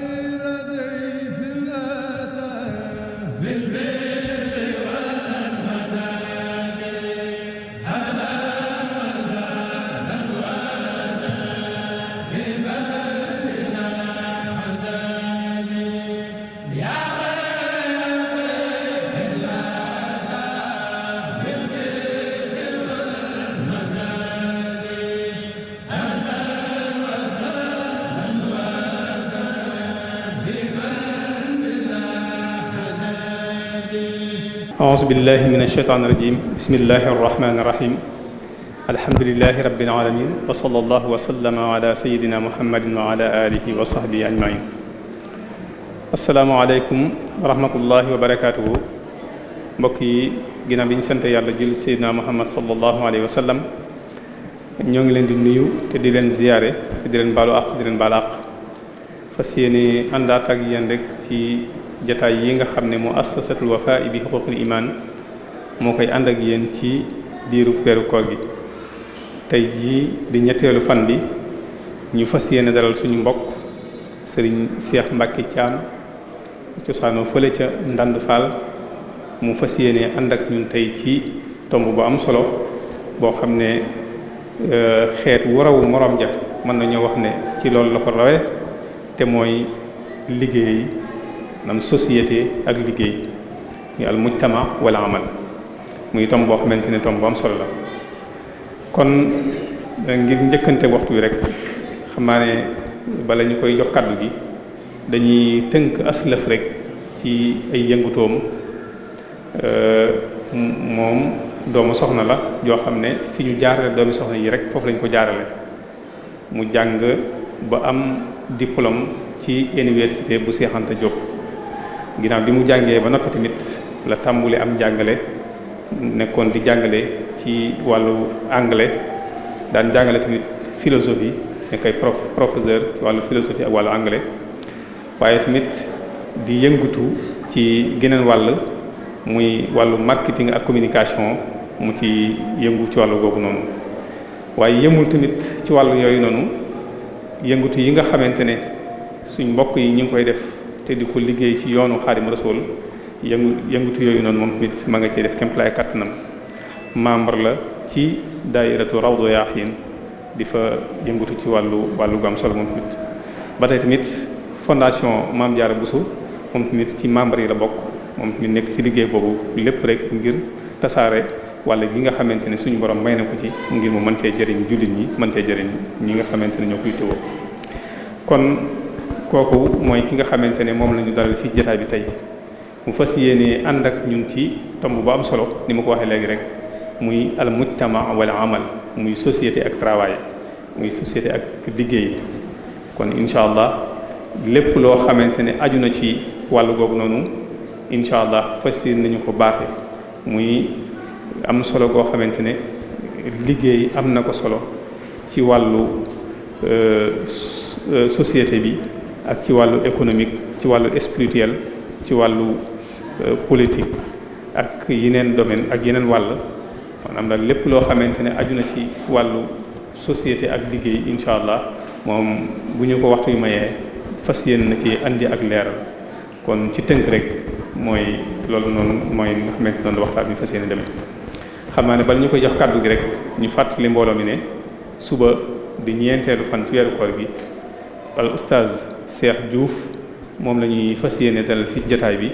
خير دين أعوذ بالله من الشيطان الرجيم بسم الله الرحمن الرحيم الحمد لله رب العالمين وصلى الله وسلم على سيدنا محمد وعلى آله وصحبه أجمعين السلام عليكم ورحمة الله وبركاته mbokk yi ginnaaw bi ñu sant yàlla julli seydina muhammad sallallahu alayhi wa sallam ñoo ngi leen di nuyu te di leen ziyaare te di leen baalu àq di leen baal àq fas yéene àndaat ak yéen rek ci jataay yi nga xam ne mu assasatul wafa bi xuququl iman moo koy ànd ak yéen ci diiru weeru koor gi tey jii di ñetteelu fan bi ñu fas yéene dalal suñu mbokk sëriñ Cheikh Mbacke Thiam cosaanoo fële ca Ndand Fall mu fas yéene ànd ak ñun tey ci tomb bu am solo boo xam ne euh, xeet wu rawu moroom ja mën nañoo wax ne ci lool la ko rawe te mooy liggéey maanaam société ak liggéey muy al mujtama wala amal muy tomb boo xamante ne am solo la kon eh, ngir njëkkante waxtu wi rek xam ne bala ñu koy jox kàddu gi dañuy tënk aslaf rek ci ay yëngutoom eh, moom doomu soxna la yoo xam ne fi ñu jaarale doomi soxna yi rek foofu lañ ko jaarale mu jàng ba am diplôme ci université bu Cheikh Anta ginnaaw bi mu jàngee ba noppi tamit la tàmbuli am jàngale nekkoon di jàngale ci wàllu anglais daan jàngale tamit philosophie nekk ay prof professeur ci wàllu philosophie ak wàllu anglais waaye tamit di yëngatu ci geneen wàll muy wàllu marketing ak communication mu ci yëngu ci wàllu googu noonu waaye yëmul tamit ci wàllu yooyu noonu yëngatu yi nga xamante ne suñ mbokk yi ñu ngi koy def te di ko liggéey ci yoonu Xaadimu Rasuul yëngu yëngutu yooyu noonu moom nit ma nga cee def kem lay kattanam membre la ci daayiratu Rawdu Yaaxiin di fa yëngutu ci wàllu wàllu gu solo moom tey tamit fondation Maam Jaara Bousso moom nit ci membre yi la bokk moom nit nekk ci liggéey boobu lépp rek ngir tasaare wala gi nga xamante ne suñu borom may na ko ci ngir mu mën cee jëriñ jullit ñi mën cee jëriñ ñi nga xamante ne ñoo koy tëwoo kooku mooy ki nga xamante ne moom lañu dara dalal fii jotaay bi tey mu fas yéene ànd ak ñun ci tomb bu am solo ni ma ko waxee léegi rek muy al mujtama wala amal muy société ak travail muy société ak liggéey kon incha allah lépp loo xamante ne aju na ci wàll googu noonu incha allah fas yéene nañu ko baaxe muy am solo goo xamante ne liggéey am na ko solo ci wàllu euh, société bi. ak ci wàllu économique ci wàllu spirituel ci wàllu euh, politique ak yeneen domaine ak yeneen wàll maanaam daal lépp loo xamante ne aju na ci wàllu societé ak liggéey incha allah moom bu ñu ko waxtu yu mayee fas yéen na ci indi ak leeral kon ci tënk rek mooy loolu noonu mooy nga xamante noonu la waxtaan bi fas yéene demee xam naa ne bala ñu koy jox kàddu gi rek ñu fàttali mbooloo mi ne suba di ñeenteelu fan ci weeru koor bi al oustaz Cheikh Diouf moom lañuy ñuy fas yéene dalal fi jataay bi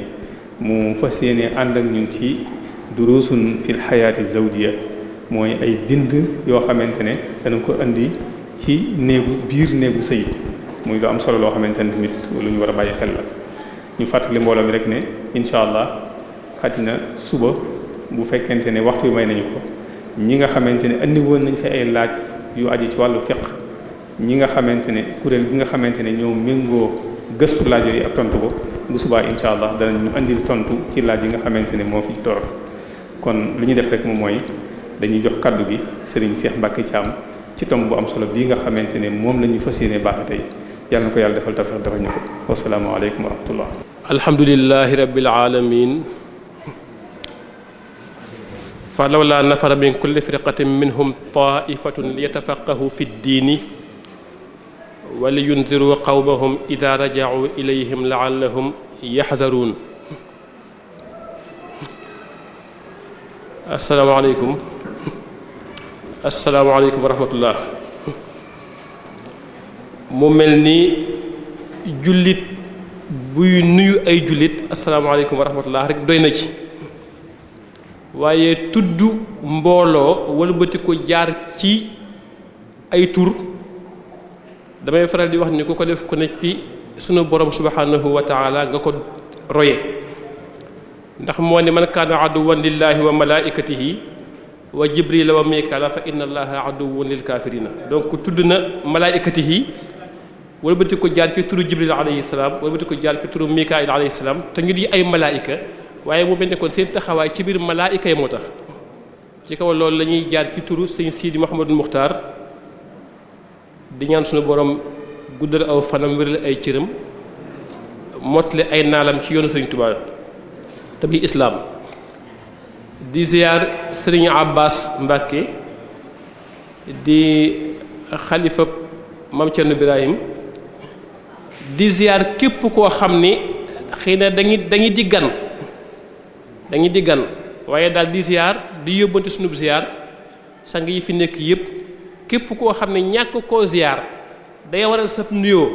mu fas yéene ànd ak ñun ci durusun fil xayaati zawjiya mooy ay bind yoo xamante ne dana ko indi ci néegu biir néegu sëy muy lu am solo loo xamante ne tamit lu ñu war a bàyyi xel la ñu fàttali mbooloo mi rek ne incha allah xaj na suba bu fekkente ne waxtu bi may nañu ko ñi nga xamante ne indi woon nañ fi ay laaj yu aju ci wàllu fiqh ñi nga xamante ne kuréel gi nga xamante ne ñoo méngoo gëstu laajo yi ak tontu ko bu subaa incha allah danañu andil tontu ci laaj yi nga xamante ne moo fi door kon lu ñu def rek moom mooy dañuy jox kaddu gi sëriñ Cheikh ci am ci tomb bu am solo bii nga xamante ne moom la ñu fas yéene baax tey yàlla na ko yàlla defal tawfiq dafa ñu ko wasalaamaaleykum wa rahmatullah. alhamdulilahi rabbil alamin falawla nafara min kulli firqatin minhum taifatun walla yundiru qawmahum ida raja'u ilayhim la'allahum yaxzaruun asalaamaaleykum asalaamaaleykum wa rahmatullah mu mel ni jullit buy nuyu ay jullit asalaamaaleykum wa rahmatullah rek doy na ci waaye tudd mbooloo wëlbati ko jaar ci ay tur damay faral di wax ni ku ko def ku ne ci sunu borom subhanahu wa taala nga ko roye ndax moo ne man kaana wa malaikatihi wa jibrila wa mikaala fa inna allaha aduwun lil kafirina donc tudd na malaikatihi walbati ko jaar ci turu jibril alayhi salaam walbati ko jaar ci turu mikaayil alayhi salaam te ñu di waaye mu mel kon seen taxawaay ci biir malaayika yi moo tax ci kaw loolu lañuy jaar ci turu sëñ Sidi Mouhamadou Muxtaar di ñaan suñu boroom guddal aw fanam wéral ay cëram mottali ay naalam ci yoonu sëriñ Tuubaa te islaam di ziyaar sëriñ Abbas Mbàkke di xalifa Maam Cerno Birahim di ziyaar képp koo xam ni xëy na dañuy dañuy di gan dañuy di gan waaye daal di ziyaar di yóbbante sunub ziyaar sang yi fi nekk yépp képp koo xam ne ñàkk koo ziyaar day waral sab nuyoo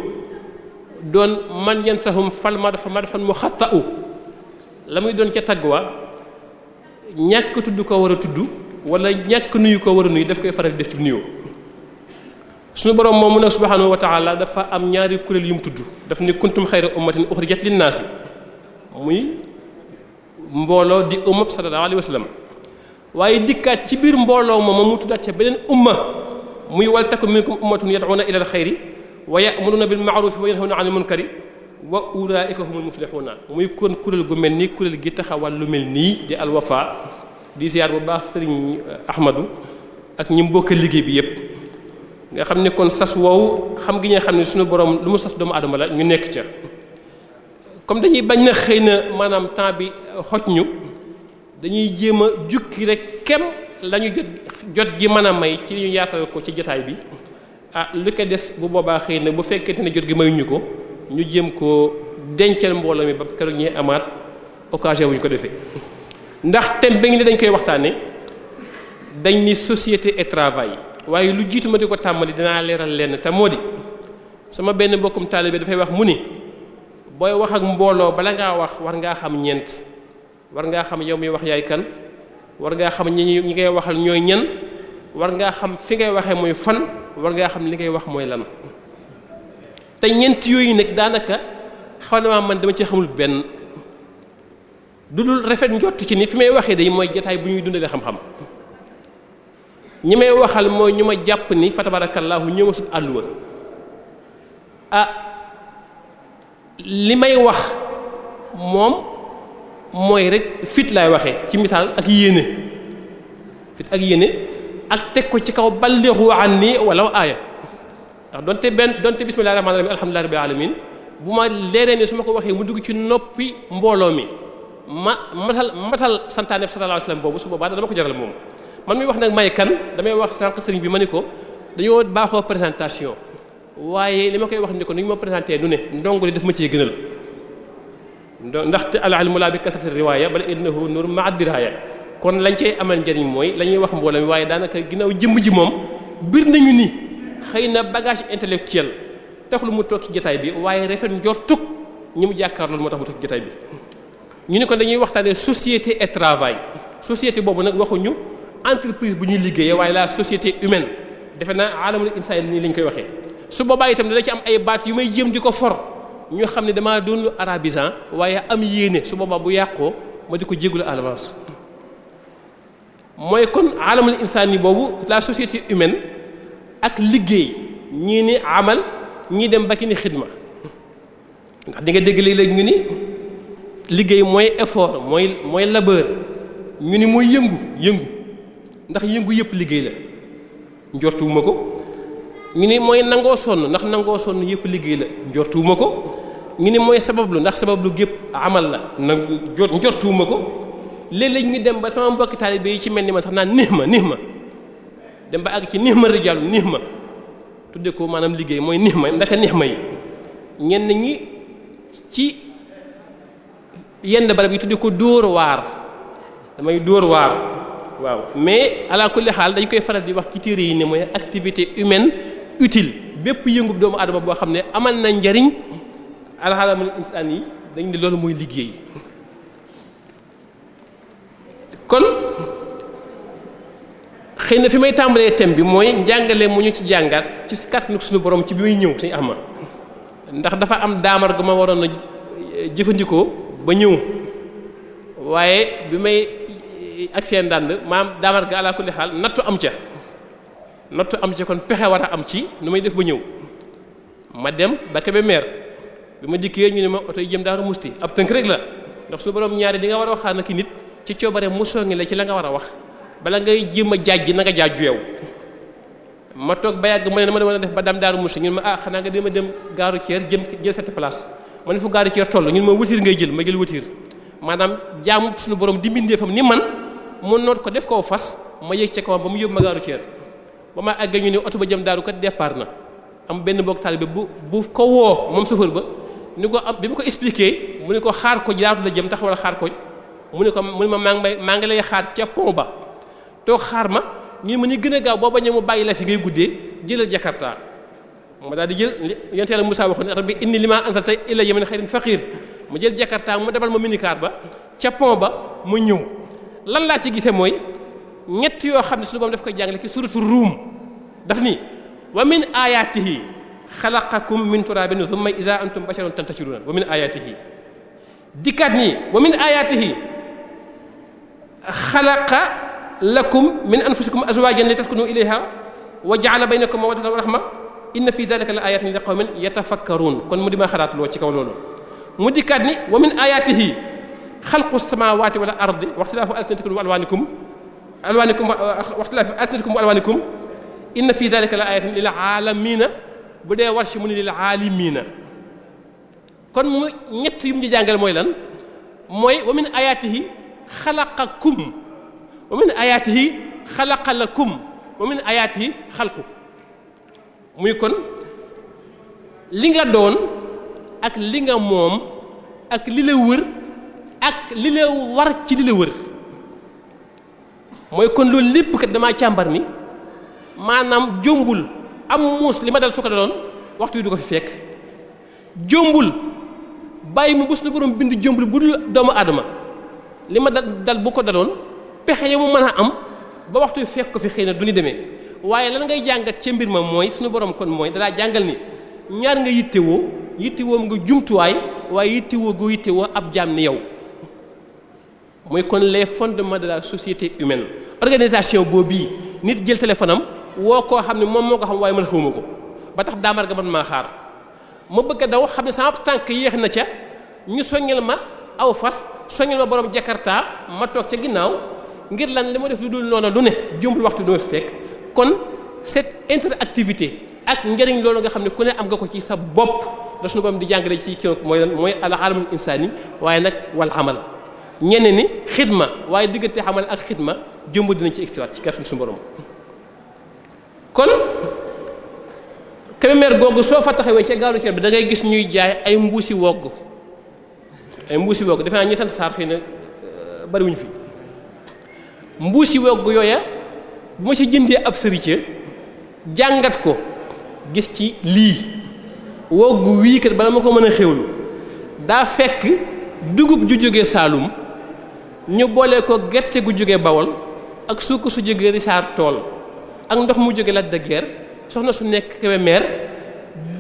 doon man yan sahum fal madxu madxun mu xatta u la muy doon ca tagg wa ñàkk tudd ko war a tudd wala ñàkk nuyu koo war a nuyu daf koy faral def ci nuyoo suñu borom moom mu ne subhanahu wa taala dafa am ñaari kuréel yu mu tudd daf ne kuntum xayra ummatin uxrijat linnaasi muy mbooloo di umma sallallahu alayhi waaye dikkaat ci biir mbooloo moom mu tuddaat ca beneen umma muy wal takun minkum ummatun yad'una ila alxayri wa ya'muruna bil ma'rufi wa yanhawna 'anil munkari wa ulaa'ika humul muflihuna muy kon kuréel gu mel nii kuréel gi taxawal lu mel nii di alwafa di ziar bu baax sëriñ euh, Ahmadou ak ñi mbokk liggéey bi yépp nga xam ne kon sas woowu xam gi nga xam ne suñu borom lu mu sas doomu adama la ñu nekk ca comme dañuy bañ na xëy na maanaam temps bi euh, xoj ñu dañuy jéem a jukki rek kem lañu ñu jot jot gi mën a may ci li ñu yaatal ko ci jotaay bi ah lu ko des bu boobaa xëy na bu fekkente ne jot gi mayuñu ko ñu jëm ko dencal mbooloo mi ba keroog ñuy amaat occasion bu ñu ko defee ndax thème bi ngi ne dañ koy waxtaane dañ ni société et travail waaye lu jiitu ma di ko tàmbali dinaa leeral lenn te moo di sama benn mbokkum taalibe dafay wax mu ni booy wax ak mbooloo bala ngaa wax war ngaa xam ñeent war ngaa xam yow mi wax yaay kan war ngaa xam ñi ñi ngay waxal ñooy ñan war ngaa xam fi ngay waxee mooy fan war ngaa xam li ngay wax mooy lan te ñeent yooyu nag daanaka xaw na man dama ci xamul benn du dul rafet njott ci ni fi may waxee day mooy jataay bu ñuy dundalee xam-xam ñi may waxal mooy ñu ma jàpp ni fa tabarakallahu ñëw sut àlluwa ah li may wax moom mooy rek fit laay waxee ci misaal ak yéene fit ak yéene ak teg ko ci kaw ballighu anni walaw aaya ndax donte benn donte bismillahi rahmaani rahiim alhamdulillahi rabbil alamin bu ma leeree ni su ma ko waxee mu dugg ci noppi mbooloo mi ma matal matal santaane sallallahu alayhi wasallam boobu su boobaa dama ko jaral moom man mi wax nag may kan damay wax sànq sëriñ bi ma ni ko dañoo baaxoo présentation waaye li ma koy wax ni ko ni ñu ma présenté du ne ndongo li daf ma cee gënal ndaxte alilmu laa bi kasrati riwaaya bal innahu nur ma diraaya kon lañ cey amal njëriñ mooy lañuy wax mbooloo waaye daanaka ginnaaw jëmm ji moom biir nañu ni xëy na bagage intellectuel tax lu mu toog ci jotaay bi waaye rafet njortug ñu mu jàkkaar loolu moo tax mu toog ci jotaay bi ñu ni ko dañuy waxtaanee société et travail société boobu nag waxuñu entreprise bu ñuy liggéeyee waaye la société humaine defe naa alamul insaan nii lañ koy waxee su boobaa itam dana ci am ay baat yu may jéem di ko for ñu xam ne dama doon arabisan waaye am yéene su boobaa bu yàqoo ma di ko jégalu à mooy kon alamul insaan boobu la société humaine ak liggéey ñi ni amal ñii dem ba ki ni xidma ndax di nga dégg léeg ni liggéey mooy effort mooy mooy labeur ñu ni mooy yëngu yëngu ndax yëngu yëpp liggéey la njortuwuma ko ñu ni mooy nangoo sonn ndax nangoo sonn yëpp liggéey la njortuwuma ko ñu ne mooy sabablu ndax sabablu gépp amal la nag jot njortuwuma ko léeg-léeg ñu dem ba sama mbokki taalibe yi ci mel ni ma sax naa néex ma nix ma dem ba àgg ci néex ma rijaalu néex ma tudde ko maanaam liggéey mooy néex ma ndaka néex ma yi ñenn ñi ci yenn barab yi tudde ko dóor waar damay dóor waar waaw mais ala xaal dañ koy faral di wax ci téere yi ne mooy activité humaine utile bépp yëngub doomu adama boo xam ne amal na njariñ alxaramul insaan yi dañ ne loolu mooy liggéey kon xëy na fi may tàmbalee thème bi mooy njàngale mu ñu ci jàngaat ci kàttanu suñu borom ci bi muy ñëw suñu ma ndax dafa am daamar gu ma waroon a jëfandikoo ba ñëw waaye bi may ak seen dànd maam daamar ga alaa kulli xaal nattu am ca nattu am ca kon pexe war a am ci nu may def ba ñëw ma dem ba Kébémer bi ma dikkee ñu ne ma oto yi jëm daaru musti ab tënk rek la ndax su borom ñaari di nga war a waxaan ak nit ci coobare mu songi la ci la nga war a wax bala ngay jéem a jaaj nanga nga jaaju yow ma toog ba yàgg mu ne ma ne ma def ba dam daaru musti ñu ne ma ah xanaa nga dama dem gaaru ceer jëm jël cette place ma ne fu gaaru ceer toll ñun ma wutir ngay jël ma jël wutir maanaam jaamu suñu borom di mbindee fam ni man mu noot ko def koo fas ma yëg ca ba mu yóbbu ma gaaru ceer ba ma àggee ñu ne oto ba jëm daaru kat départ na am benn mbokk taalibe bu bu ko woo moom chauffeur ba ni ko am bi mu ko expliqué mu ne ko xaar ko jaatu la jëm tax walla xaar ko mu ne ko mu ne ma maa ngi maa ngi lay xaar ca pont ba toog xaar ma ñu ma ñu gën gaaw boo bañee mu bàyyi la fi ngay guddee jëlal jakarta ma daal di jël yonte yàlla Musaa waxoon ne rabbi inni limaa anzalta ilayya min xayrin faqiir mu jël jakarta mu debal ma minicar ba ca pont ba mu ñëw lan laa ci gisee mooy ñett yoo xam ne suñu boom daf koy jàngale ki suratu ruum daf ni wa min ayatihi xalaqakum min turabin thumma iza antum basharun tantashiruna wa min ayatihi dikkaat nii wa min ayatihi xalaqa lakum min anfusikum azwajan li taskunu ilayha wa ja'ala baynakum mawaddatan wa rahma inna fi dhalika la ayatin li qawmin yatafakkarun kon mu di ma xalaat loo ci kaw loolu mu dikkaat ni wa min ayatihi xalqu samawati wal ardi wa ikhtilafu alsinatikum wa alwanikum alwanikum wa ikhtilafu alsinatikum wa alwanikum inna fi dhalika la ayatin lil alamina bu dee warsh mu ne lil aalimiina kon mu ñett yu mu ñu jàngal mooy lan mooy wa min ayaatihi xalaqakum wa min ayaatihi xalaqa lakum wa min ayaatihi xalqu muy kon li nga doon ak li nga moom ak li la wër ak li la war ci li la wër mooy kon loolu lépp kat damaa càmbar ni maanaam jombul am muus li ma dal su ko daloon waxtu wi du ko fi fekk jombul bàyyi mu bu suñu borom bind jombul bu dul doomu aadama li ma dal dal bu ko daloon pexe ya mu mën a am ba waxtu wi fekk ko fi xëy na du ñu demee waaye lan ngay jàngat ca mbir ma mooy suñu borom kon mooy dalaa jàngal ni ñaar nga yittewoo yittewoo nga jumtuwaay waaye yittewoo goo yittewoo ab jaam ni yow mooy kon les fondements de la société humaine organisation boobu nit jël téléphone woo koo xam ne moom moo ko xam waaye mën man xawma ko ba tax daamar ga man maa xaar ma bëgg a daw xam ne sama tànk yéex na ca ñu soññal ma aw fas soññal ma borom jakarta ma toog ca ginnaaw ngir lan li ma def lu dul noonu lu ne jumbul waxtu du ma fekk kon cette interactivité ak njëriñ loolu nga xam ne ku ne am nga ko ci sa bopp da suñu borom di jàngale ci kii mooy lan mooy al alamul insaani waaye nag wal amal ñeneen ni xidma waaye diggante amal ak xidma jumbu dinañ ci egsiwaat ci kàttan suñu borom kon Kébémer googu soo fa taxawee ca gaalu cer bi da ngay gis ñuy jaay ay mbuusi wogg ay mbuusi wogg defe naa ñi sant saar xëy na euh, bariwuñ fi mbuusi wogg yooya bu ma ci jëndee ab sërice jàngat ko gis ci lii wogg wii kat bala ma ko mën a xewlu daa fekk dugub ju jóge Saalum ñu boole ko gerte gu jóge Bawol ak suukar su jóge Risaar tool ak ndox mu jóge Lac de soxna su nekk Kébémer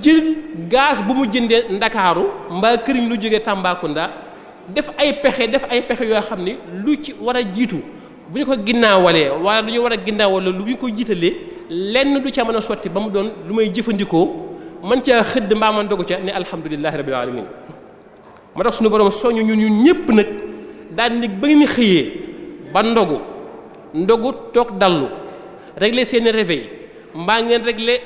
jël gaz bu mu jëndee ndakaaru mbaa këriñ lu jóge Tambacounda def ay pexe def ay pexe yoo xam ni lu ci war a jiitu bu ñu ko ginnaawalee waa lu ñu war a ginnaawalee lu ñu ko jiitalee lenn du ca mën a sotti ba mu doon lu may jëfandikoo man caa xëdd mbaa man dogu ca ne alhamdulilahi rabbil alamin moo tax suñu borom soñu ñun ñun ñëpp nag daal ba ngeen xëyee ba ndogu ndogu toog dallu régler seen i réveil mbaa ngeen régler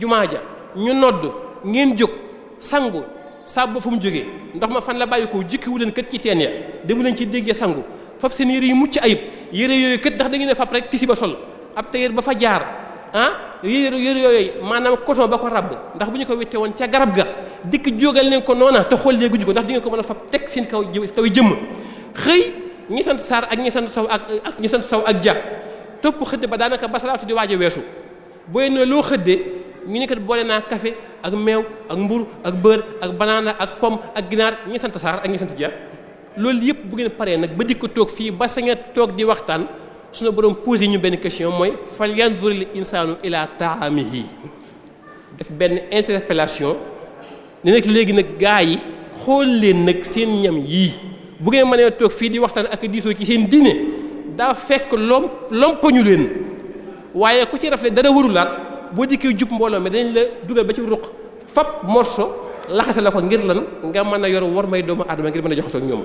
jumaa ja ñu nodd ngeen jóg sangu saabu ba fu mu jógee ndox ma fan la bàyyi ko jikkiwu leen kat ci teen ya demu leen ci dégg ya sangu fab seen yére yu mucc ayib yére yooyu kat ndax da ngeen ne fab rek tisi ba sol ab tailleur ba fa jaar ah yére yére yooyu maanaam coton ba ko ràbb ndax bu ñu ko witte woon ca garab ga dikk jógal leen ko noona te xool léegi ko ndax di ko mën a fab teg seen kaw kaw jëmm xëy ñi sant saar ak ñi sant saw ak ak ñi sant saw ak ja topp xëdd ba daanaka basalaatu di waaj weesu booy ne loo xëddee ñu ne boole naa kafe ak meew ak mburu ak bër ak banaana ak pomme ak ginaar ñi sant saar ak ñi sant jeex loolu yëpp bu ngeen paree nag ba di ko toog fii ba sañ a toog di waxtaan suñu borom yi ñu benn question mooy fal yanzuril insaanu ila taamihi def benn interpellation ne nag léegi nag gaa yi xool leen nag seen ñam yii bu ngeen mënee toog fii di waxtaan ak diisoo ci seen diine daa fekk lom lompañu leen waaye ku ci rafet dara warulaat boo dikkee jub mbooloo mi dañ la dugal ba ci ruq fab morso laxase la ko ngir lan nga mën a yor war may doomu aadama ngir mën a joxasoo ak ñoom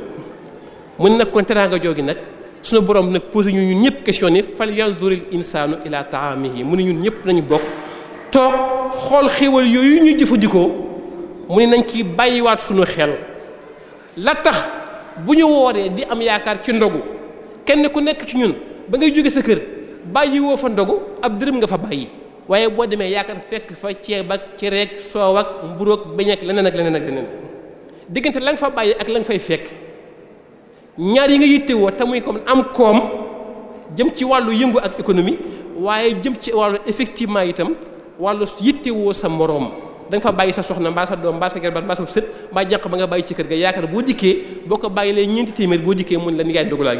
mun nag kon teraanga joogi nag sunu borom nag posé ñu ñun ñëpp question ni fal yanzuril insaanu ila taamihi mu ne ñun ñëpp nañu bokk toog xool xéwal yooyu ñuy jëfandikoo mu ne nañ ci bàyyiwaat suñu xel la tax bu ñu wooree di am yaakaar ci ndogu kenn ku nekk ci ñun ba ngay jóge sa kër bàyyi woo fa ndogu ab dërëm nga fa bàyyi waaye boo demee yaakaar fekk fa ceeb ak cereeg soow ak mburu ak beñ ak leneen ak leneen ak leneen diggante la fa bàyyi ak lañ fay fekk ñaar yi nga yittewoo te muy comme am koom jëm ci wàllu yëngu ak économie waaye jëm ci wàllu effectivement itam wàllu yittewoo sa moroom da nga fa bàyyi sa soxna mbaa sa doom mbaa sa gerbaat mbaa sa sët mbaa jànq ba nga bàyyi ci ga yaakaar boo dikkee boo ko bàyyi lee ñeenti téeméer boo dikkee la ni ngay dogalaa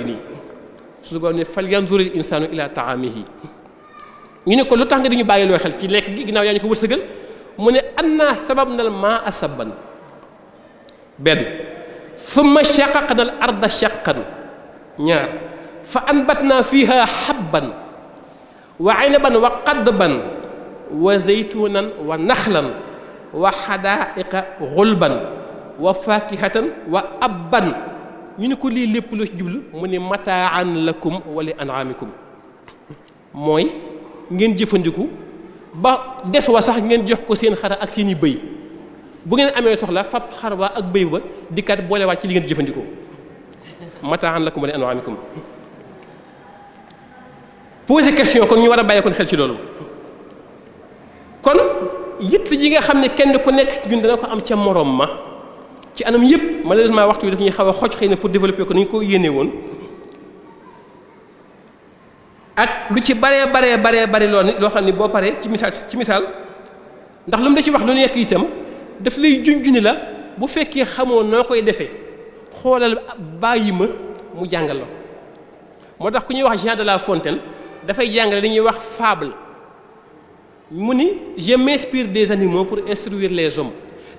suñu borom ne fal yanduril insaanu ila taamihi ñu ne ko lu tax nga diñu bàyyi loo xel ci lekk gi ginnaaw yaa ñu ko wërsëgal mu ne anna sabab nal maa a saban benn thumma shaqaqna al arda shaqan ñaar fa anbatna fiha habban wa aynaban wa qadban wa zaytunan wa naxlan wa xadaaiqa xulban wa fakihatan wa abban ñu ne ko lii lépp la jublu mu ne mataan lakum wala an'amikum mooy ngeen jëfandiku ba des wa sax ngeen jox ko seen xara ak seeni i bëy bu ngeen amee soxla fab xar waa ak bëy ba dikkaat boolewaat ci li ngeen jëfandikoo mataan lakum wala an'amikum poser question kon ñu war a bàyyi kon xel ci loolu kon yitt yi nga xam ne kenn ku nekk ñun dana ko am ca moroom ma ci anam yépp malheureusement waxtu yi daf ñuy xaw a xoj xëy na pour développer ko ni ñu ko yéene ak lu ci baree baree baree bare loo ni loo xam ne boo pare ci misaal ci misaal ndax lu mu da ci wax lu nekk itam daf lay junjuni la bu fekkee xamoo noo koy defee xoolal bàyyi ma mu jàngal la ko moo tax ku ñuy wax Jean de La Fontaine dafay jàngale li ñuy wax fable mu ni je m'inspire des animaux pour instruire les hommes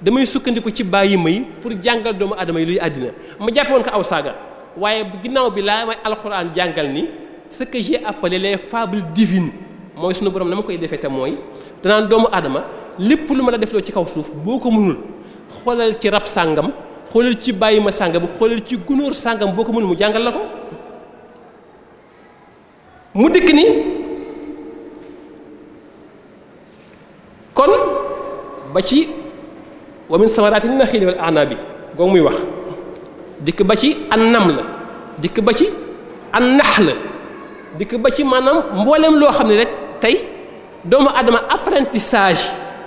damay sukkandiku ci bàyyi may pour jàngal doomu aadama yi luy àddina ma jàppe woon ko aw saaga waaye ginnaaw bi laa may alxuraan jàngal ni sa que j'ai appelé les fables divines mooy sunu borom na ma koy defee te mooy danaan doomu aadama lépp lu ma la defloo ci kaw suuf boo ko mënul xoolal ci rab sàngam xoolal ci bàyyi ma sàngam xoolal ci gunóor sàngam boo ko mënul mu jàngal la ko mu dikk ni kon ba ci wa min samaraati naxili wal anabi googu muy wax dikk ba ci an nam la dikk ba ci an nax la dikk ba ci maanaam mbooleem loo xam ne rek tey doomu adama apprentissage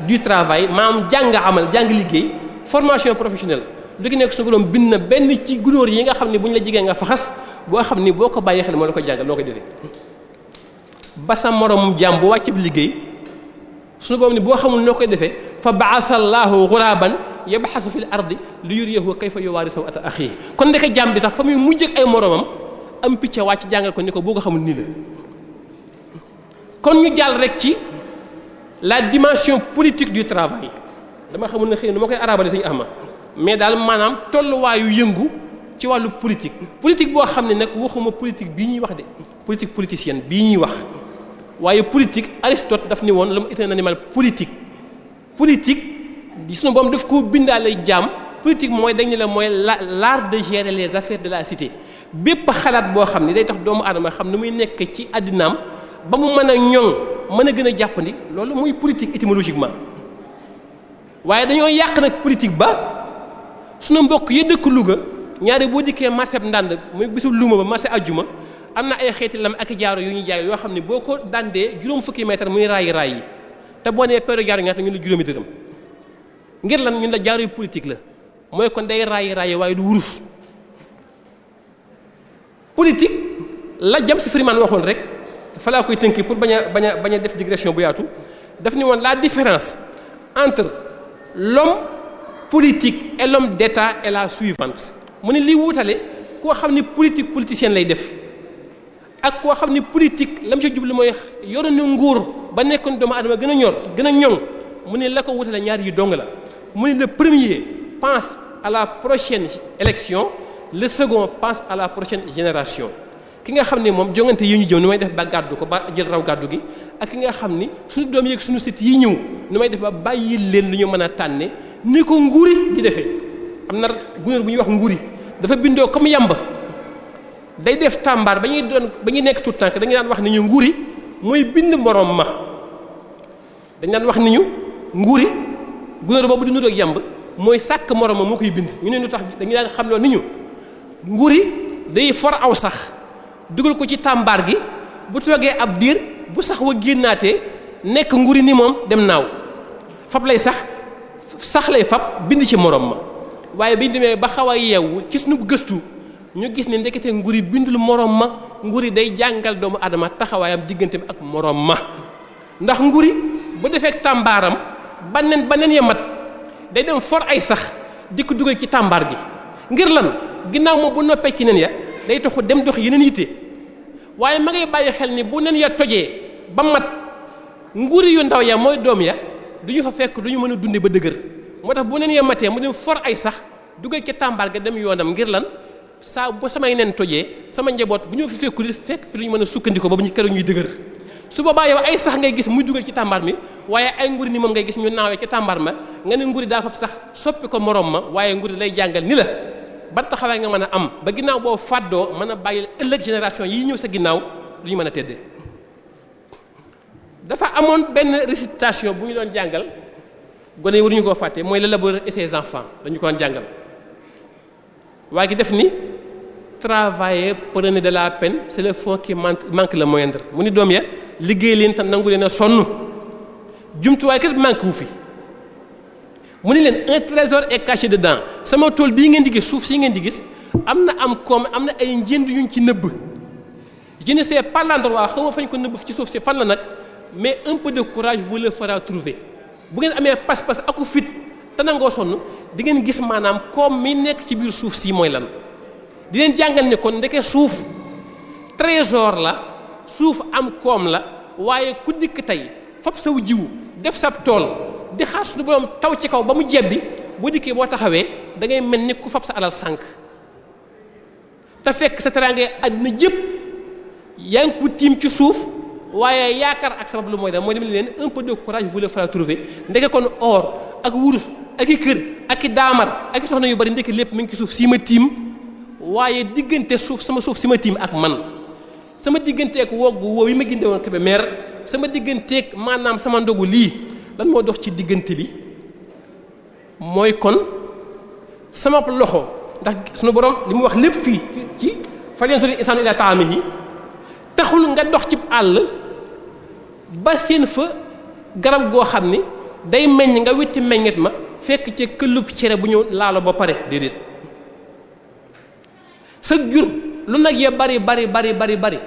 du travail maam jàng amal jàng liggéey formation professionnelle du ki nekk suñu borom bind na benn ci gunóor yi nga xam ne bu ñu la jigee nga faxas boo xam ni boo ko bàyyi xel moo la ko jàngal loo koy defee ba sa moroom jaam bu wàcc bi liggéey suñu borom ni boo xamul noo koy defee fa baasa llaahu xuraaban yabxasu fi l ardi li kay kayfa yuwaari saw ata kon ndeke jàmm bi sax fa muy mujj ay moroomam am picc wàcc jàngal ko ni ko boo ko xamul ni la kon ñu jàll rek ci la dimension politique du travail dama xamul ne xëy na nu ma koy arabale sañu ama mais daal maanaam tolluwaayu yëngu ci wàllu politique politique boo xam ne nag waxuma politique bii ñuy wax de politique politicienne bii ñuy wax waaye politique Aristote daf ni woon l'homme est un animal politique politique di suñu borom ko koo lay jaam politique mooy dañ ne la mooy la l'art de gérer les affaires de la cité bépp xalaat boo xam ne day tax doomu aadama xam ni muy nekk ci àddinaam ba mu mën a ñoŋ mën a gën a jàppandi loolu mooy politique étymologiquement waaye dañoo yàq nag politique ba sunu mbokk yi dëkk Louga ñaari boo dikkee marché ndànd muy bisu luuma ba marché ajjuma am na ay xeeti lam ak jaaro yu ñuy jaay yoo xam ne boo ko dàndee juróom fukki mètre muy raayi raay yi te boo nee péro jaaru ñaata ñun la juróomi dërëm ngir lan ñun la jaaru politique la mooy kon day raayi raayi waaye du wurus politique la jam si Freeman waxoon rek falaa koy tënki pour bañ a bañ bañ def digression bu yaatu daf ni woon la différence entre l'homme politique et l'homme d'État est la suivante mu ne lii wuutale koo xam ni politique politicienne lay def ak koo xam ni politique la mu ci jublu mooy yoroon na nguur ba nekkoon doomu adama gën a ñor gën a ñoŋ mu ne la ko wutale ñaari dong la mun ne le premier pense à la prochaine élection le second pense à la prochaine génération ki nga xam ne moom joŋante yi ñu jëm nu may def ba gàddu ko ba jël raw gàddu gi ak ki nga xam ni suñu doom yeeg suñu sit yi ñëw nu may def ba bàyyi leen lu ñu mën a tànne ni ko nguuri di defee am na gunóor bu ñuy wax nguuri dafa bindoo comme yàmba day def tàmbaar ba ñuy doon ba ñuy nekk tout tànk da nga wax ni ñu nguuri mooy bind moroom ma dañ daan wax ni ñu nguuri gunóor boobu di nuru yamb mooy sàkk moroom ma moo koy bind ñu ne lu tax dañuy daan xam loo ni ñu nguuri day for aw sax dugal ko ci tàmbaar gi bu toogee ab diir bu sax wa génnaatee nekk nguuri ni moom dem naaw fab lay sax sax lay fab bind ci moroom ma waaye biñ demee ba xaw a yeewu ci suñu gëstu ñu gis ne ndekete nguri bindul moroom ma nguri day jàngal doomu adama taxawaayam diggante bi ak moroom ma ndax nguri bu defee tàmbaaram baneen baneen ya mat day dem for ay sax di ko ci tàmbaar gi ngir lan ginnaaw moom bu noppee ci nen ya day taxu dem dox yeneen yitte waaye ma ngay bàyyi xel ni bu nen ya tojee ba mat nguri yu ndaw ya mooy doom ya du ñu fa fekk du ñu mën a dunde ba dëgër moo tax bu nen ya matee mu dem for ay sax dugal ci tàmbaar ga dem yoonam ngir lan saa bu samay nen tojee sama njaboot bu ñu fi fekk fi lu ñu mën a sukkandikoo ba bu ñu keroog ñuy dëgër su boobaa yow ay sax ngay gis muy dugal ci tàmbar mi waaye ay nguri ni moom ngay gis ñu naawee ci tàmbar ma nga ne nguri daa fab sax soppi ko morom ma waaye nguri lay jàngal ni la ba taxawee nga mën a am ba ginnaaw boo fàddoo mën a bàyyi ëllëg génération yi ñëw sa ginnaaw lu mën a tedde dafa amoon benn récitation bu ñu doon jàngal gone yi waruñu koo fàtte mooy l'élaborer et ses enfants dañu ko doon jàngal waa gi def ni travaillez prenez de la pen c'est le fonds qui manque manque la moindre mu ni doom ya liggéey leen tam nangu leen a sonn jumtuwaay kat manque wu fi mu ni leen un trésor est de dedans sama tool bii ngeen di gis suuf si ngeen di gis am na am koom am na ay njënd yuñ ci nëbb je ne sais pas l'endroit xaw ma fañ ko nëbb ci suuf si fan la nag mais un peu de courage vous le fera trouver bu ngeen amee pas-pas aku fit te nangoo sonn di ngeen gis maanaam koom mi nekk ci biir suuf si mooy lan di leen jàngal ne kon ndeke suuf trésor la suuf am koom la waaye ku dikk tey fab saw jiw def sab tool di xaar suñu borom taw ci kaw ba mu jebbi boo dikkee boo taxawee da ngay mel ni ku fab sa alal sànq te fekk sa teraange àddina jëpp yaa ngi tiim ci suuf waaye yaakaar ak sabab lu mooy daal mooy dem leen un peu de courage vous le fera trouver ndeke kon or ak wurus ak i kër ak i daamar ak i soxna yu bari ndeke lépp mi ngi ci suuf sii ma tiim waaye diggante suuf sama suuf si ma tiim ak man sama digganteek woggu woow yi ma ginde woon meer sama digganteeg maanaam sama ndogu lii lan moo dox ci diggante bi mooy kon sama loxo ndax sunu borom li mu wax lépp fii ci falyanzuri insaanu ilaa ta'aamihi taxul nga dox ci àll ba seen fa garab goo xam ni day meññ nga witti meññet ma fekk ca këllub cere bu ñëw laalo ba pare déedéet sa jur lu nag ya bari bari bari bari bari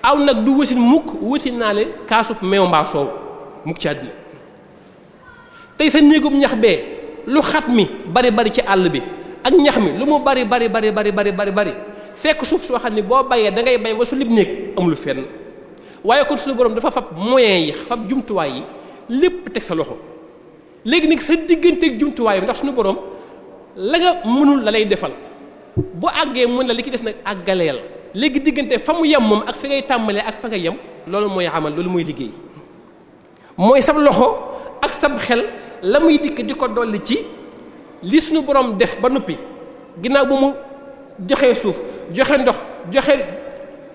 aw nag du wasin mukk wasin naa le kaasub meew mbaa soow mukk ci àdduna tey sa néegub ñax bee lu xat mi bari bari ci àll bi ak ñax mi lu mu bari bari bari bari bari bari bari fekk suuf soo xam ne boo bayee da ngay bay wasu lib néeg amul fenn waaye kon suñu borom dafa fab moyen yi fab jumtuwaay yi lépp teg sa loxo léegi nag sa digganteeg jumtuwaay bi ndax sunu borom la nga mënul la lay defal bu àggee mun la li ki des nag àggaleel léegi diggante fa mu yem moom ak fi ngay tàmbalee ak fa nga yem loolu mooy amal loolu mooy liggéey mooy sab loxo ak sab xel la muy dikk di ko dolli ci li suñu boroom def ba noppi ginnaaw bu mu joxee suuf joxe ndox joxe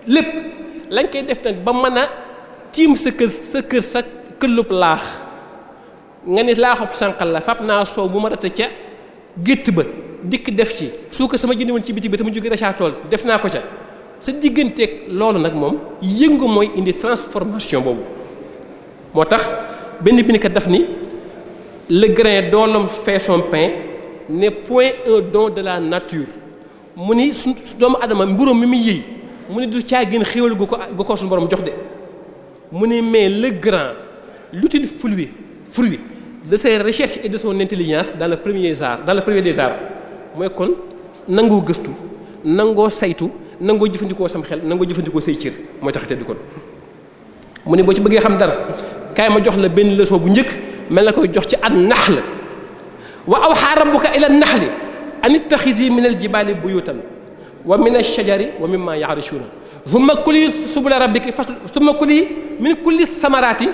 lépp lañ koy def nag ba mën a tiim sa kër sa kër sa këllub laax nga ni laaxub sànqal la fab naa soow bu ma rata ca gétt ba dikk def ci suukar sama jënd woon ci bitig bi te mu jóge Richard Toll def naa ko ca sa digganteeg loolu nag moom yëngu mooy indi transformation boobu moo tax benn bindkat daf ni le grain dont l'homme fait son pain n'est point un de la nature mu ni su doomu adama mburoom mi mu yëy mu ni du caa gën xéwal gu ko gu ko suñu borom jox de mu ni mais le grain l'utile fruit fruit de ses recherches et de son intelligence dans le premier arts dans le premier des arts mooy kon nangoo gëstu nangoo saytu nangoo jëfandikoo sam xel nangoo jëfandikoo say cër mooy tax a tëdd kon mu ne boo ci bëggee xam dara kaay ma jox la benn leçon bu njëkk mel na koy jox ci an naxl wa awxaa rabbuka ila naxli an ittaxisi min aljibaali buyutan wa min alshajari wa mimma yaarichuuna summa kuli subula rabbiki fas summa kuli min kulli samaraati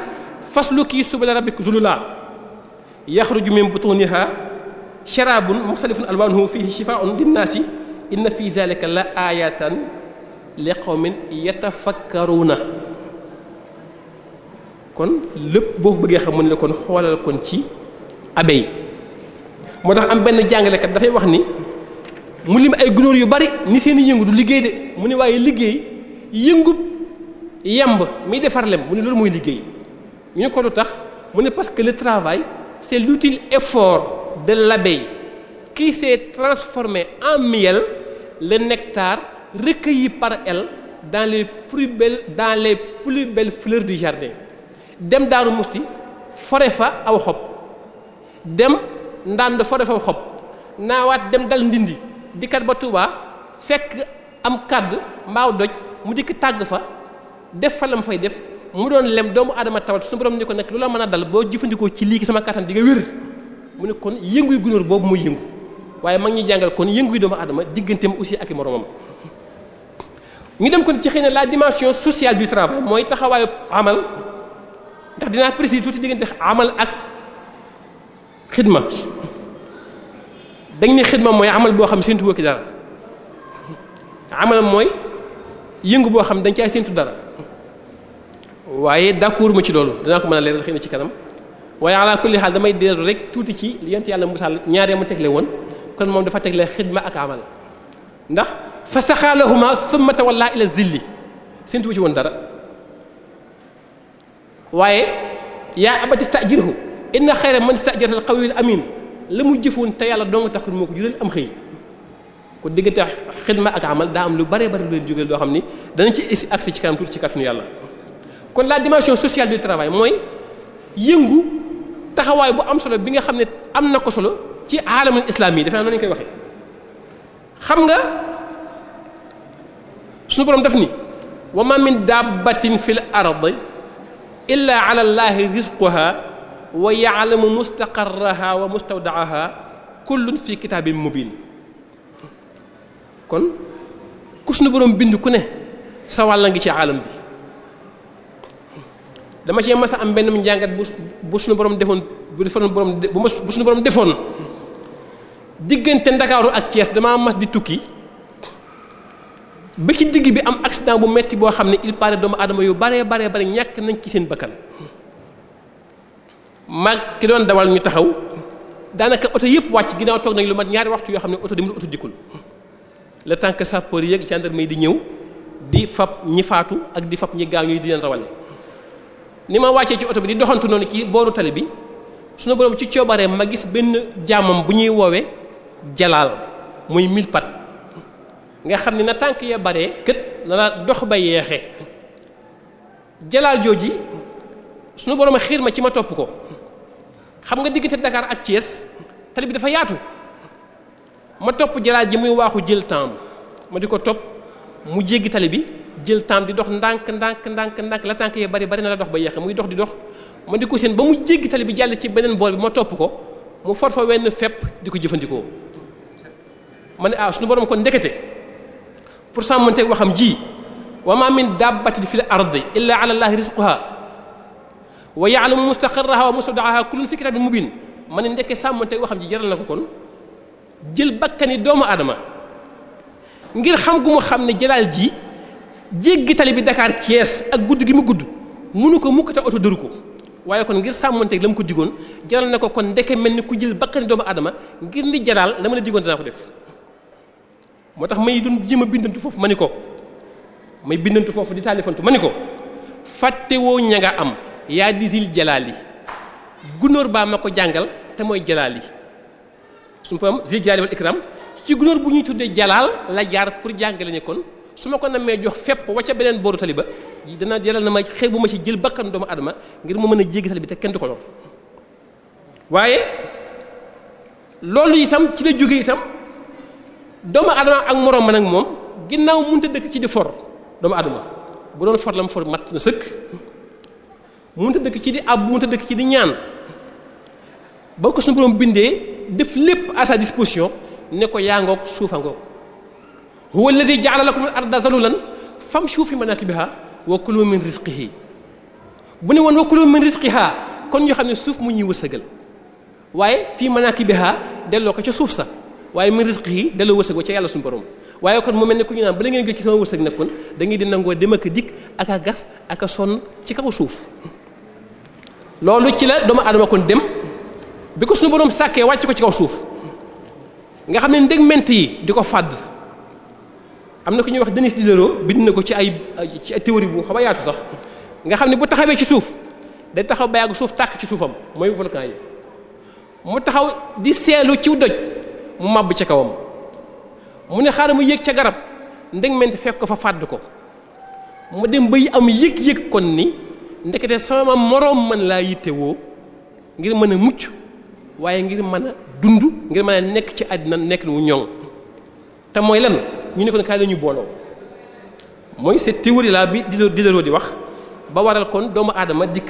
fasluki subula rabbiki zulula yaxruju min butuniha sharaabun muxtalifun alwaanuhu fiihi shifaaun linnaasi inna fi zalika la aayatan li qawmin yatafakkaruuna kon lépp boo bëggee xam mu ne la kon xoolal kon ci abe moo tax am benn jàngalekat dafay wax ni mu lim ay gunóor yu bari ni seen i yëngu liggéey de mu ne waaye liggéey yëngub yemb mi defar lem mu ne loolu mooy liggéey ñu ne ko lu tax mu ne parce que le travail c'est l'utile effort de l'abeille qui s'est transformé en miel, le nectar yi par elle dans les plus belles dans les plus belles fleurs du jardin dem Daaru Musti fore fa aw xob dem ndànd fore fa aw xob naawaat dem dal ndindi dikkat ba Tuubaa fekk am kàdd mbaaw doj mu dikk tàgg fa def fa la ma fay def mu doon lem doomu aadama tawat su borom ni ko nag lu la mën a dal boo jëfandikoo ci lii ki sama kattan di nga wér mu ne kon yënguy gunóor boobu muy yëngu waaye mag ñi jàngal kon yënguy doomu aadama digganteem aussi ak i moromam ñu dem kon ci xëy na la dimension sociale du travail mooy taxawaayu amal ndax dinaa préciser tuuti diggante amal ak xidma dañ ne xidma mooy amal boo xam séntu woo ci dara amal mooy yëngu boo xam dañ ci ay séntu dara waaye d'accord ci loolu dinaa ko mën a leeral xëy ci kanam waaye ala kulli xaal damay dellu rek tuuti ci yent yàlla Musaa ñaaree ma tegle woon kon moom dafa tegle xidma ak amal ndax fa saxaalahuma thumma tawalla ila zilli séntu ci woon dara waaye yaa abati stajirhu inna xayra man stajarta al qawiyul amin la mu jëfoon te yàlla dong tax moo ko jural am xëy ko diggante xidma ak amal daa am lu bare bare lu leen jógee loo xam ni danañ ci agsi ci kanam tuuti ci kàttanu yàlla kon la dimension sociale du mooy taxawaay bu am solo bi nga xam ne am na ko solo ci alamul islaam yi defe naa koy waxee xam nga suñu borom daf ni wa ma min dabbatin fil ardi illa ala llahi rizquha wa ya'lamu mustaqarraha wa fi kitaabin mubin kon ku suñu borom bind ku ne sawal wàll ngi ci alam bi dama cee mas a am benn njàngat bu bu suñu borom defoon bu defoon borom bu ma bu suñu borom defoon diggante ndakaaru ak Thiès damaa mas di tukki ba ci digg bi am accident bu metti boo xam ne il paraît doomu aadama yu baree baree bare ñàkk nañ ci seen bakkan mag ki doon dawal ñu taxaw daanaka oto yëpp wàcc ginnaaw toog nañ lu mat ñaari waxtu yoo xam ne oto demul oto dikkul le temps que sapeurs yeeg gendarmerie di ñëw di fab ñi faatu ak di fab ñi gaañu di leen rawale. ni ma wàccee ci oto bi di doxantu noonu kii booru tali bi sunu borom ci coobaree ma gis benn jàmmam bu ñuy woowee jalaal muy mille pat nga xam ni na tànk ya baree kët na dox ba yeexe jalaal jooji sunu boroom xiir ma ci ma topp ko xam nga diggante Dakar ak Thiès tali bi dafa yaatu ma topp jalaal ji muy waaxu jël temps ma di ko topp mu jéggi tali bi jël temps di dox ndànk ndànk ndànk ndànk la tànk yee bari bari na la dox ba yeexe muy dox di dox ma di ko seen ba mu jéggi tali bi jàll ci beneen bool bi ma topp ko mu for fa wenn fepp di ko jëfandikoo ma ne ah suñu borom kon ndekete pour sàmmanteeg waxam ji wa ma min dabbatin fi la l ardi illa ala llahi rizquha wa ya'lamu mustaqarraha wa mustawdaaha kullun fi kitabin mubin ma ne ndekke sàmmanteeg waxam ji jaral na ko kon bakkani doomu aadama ngir xam gu mu xam ne jalaal ji jéggi tali bi dakaar Thiès ak gudd gi mu gudd mënu ko mukk te oto dëru ko waaye kon ngir sàmmanteeg la mu ko digoon jaral na ko kon ndeke mel ni ku jël bakkani doomu aadama ngir ni jalaal la ma la digoon danaa ko def moo tax may doon jéem a bindantu foofu ma ni ko may bindantu foofu di taalifantu ma ni ko fàttewoo ña nga am yaa disil jalaali gunóor baa ma ko jàngal te mooy jalaali su ma fa am zil jalaali wal ci gunóor bu ñuy tuddee jalaal la jaar pour jàngale ne kon su ma ko namee jox fépp wacca beneen booru tali ba dana jëlal na ma xëy bu ma ci jël bakkan doomu adama ngir ma mën a jéggi tali bi te kenn du ko lor waaye loolu itam ci la jóge itam doomu adama ak moroom ma nag moom ginnaaw munta dëkk ci di for doomu adama bu doon for la mu for mat na sëkk munta dëkk ci di ab munta dëkk ci di ñaan ba ko suñu borom bindee def lépp à sa disposition ne ko yaa ngoog suufa ngoog huwa alladi jaala lakum arda zalulan famshu fi manakibiha wa kulu min rizqihi bu ne woon wa kulu min rizqiha kon ñoo xam ne suuf mu ñuy wërsëgal waaye fii manakibiha delloo ko ca suuf sa waaye min rizqihi delloo wërsëg wa ca yàlla suñu borom waaye kon mu mel ne ku ñu naan bala ngeen gis ci sama wërsëg nag kon da ngeen di nangoo dem ak a dikk ak a gas ak a sonn ci kaw suuf loolu ci la doomu aadama kon dem bi ko suñu borom sàkkee wàcc ko ci kaw suuf. nga xam ne ndegment yi di ko fàdd am na ku ñuy wax Denis Diderot bind na ko ci ay ci ay théorie bu xaw a yaatu sax nga xam ne bu taxawee ci suuf da taxaw ba yàgg suuf tàkk ci suufam mooy volcan mu taxaw di seelu ci doj mu màbb ca kawam mu ne xaaral mu yéeg ca garab ndegment fekk ko fa fàdd ko mu dem ba bay am yëg yég kon ni ndekete sama moroom mën laa yittewoo ngir mën a mucc waaye ngir mën a dund ngir mën nekk ci àddina nekk lu ñoŋ te mooy lan ñu ne kon kaay la ñu booloo mooy cette théorie là bi Diderot di wax ba waral kon doomu aadama dikk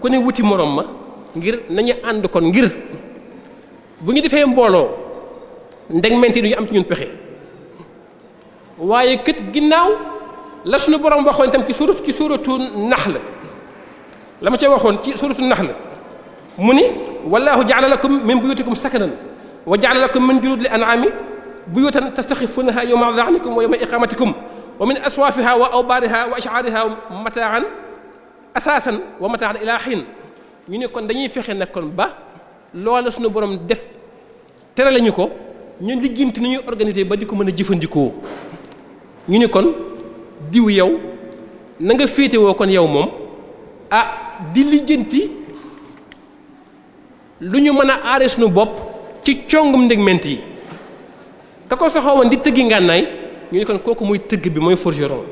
ku ne wuti morom ma ngir nañu ànd kon ngir bu ñu defee mbooloo ndegmente menti ñu am ci ñun pexe waaye kët ginnaaw la suñu borom waxoon tam ci suuratu ci suuratu nax la la ma ca waxoon ci suuratu nax la mu ni wallahu ja'ala lakum min buyutikum sakanan wa ja'ala lakum min juludi al-an'ami buyutan tastaxifunaha yawma adhanikum wa yawma iqamatikum wa min aswafiha wa awbariha wa ash'ariha mataan asaasan wa mataan ila hin ñu ne kon dañuy fexe nag kon ba loola suñu borom def tere lañu ko ñun liggéenti nañuy organiser ba di ko mën a jëfandikoo ñu ni kon diw yow na nga féetewoo kon yow moom ah di liggéenti lu ñu mën a aare suñu bopp ci congum ndégment yi ka ko soxoo woon di tëggi ngànnaay ñu ne kon kooku muy tëgg bi mooy forgeron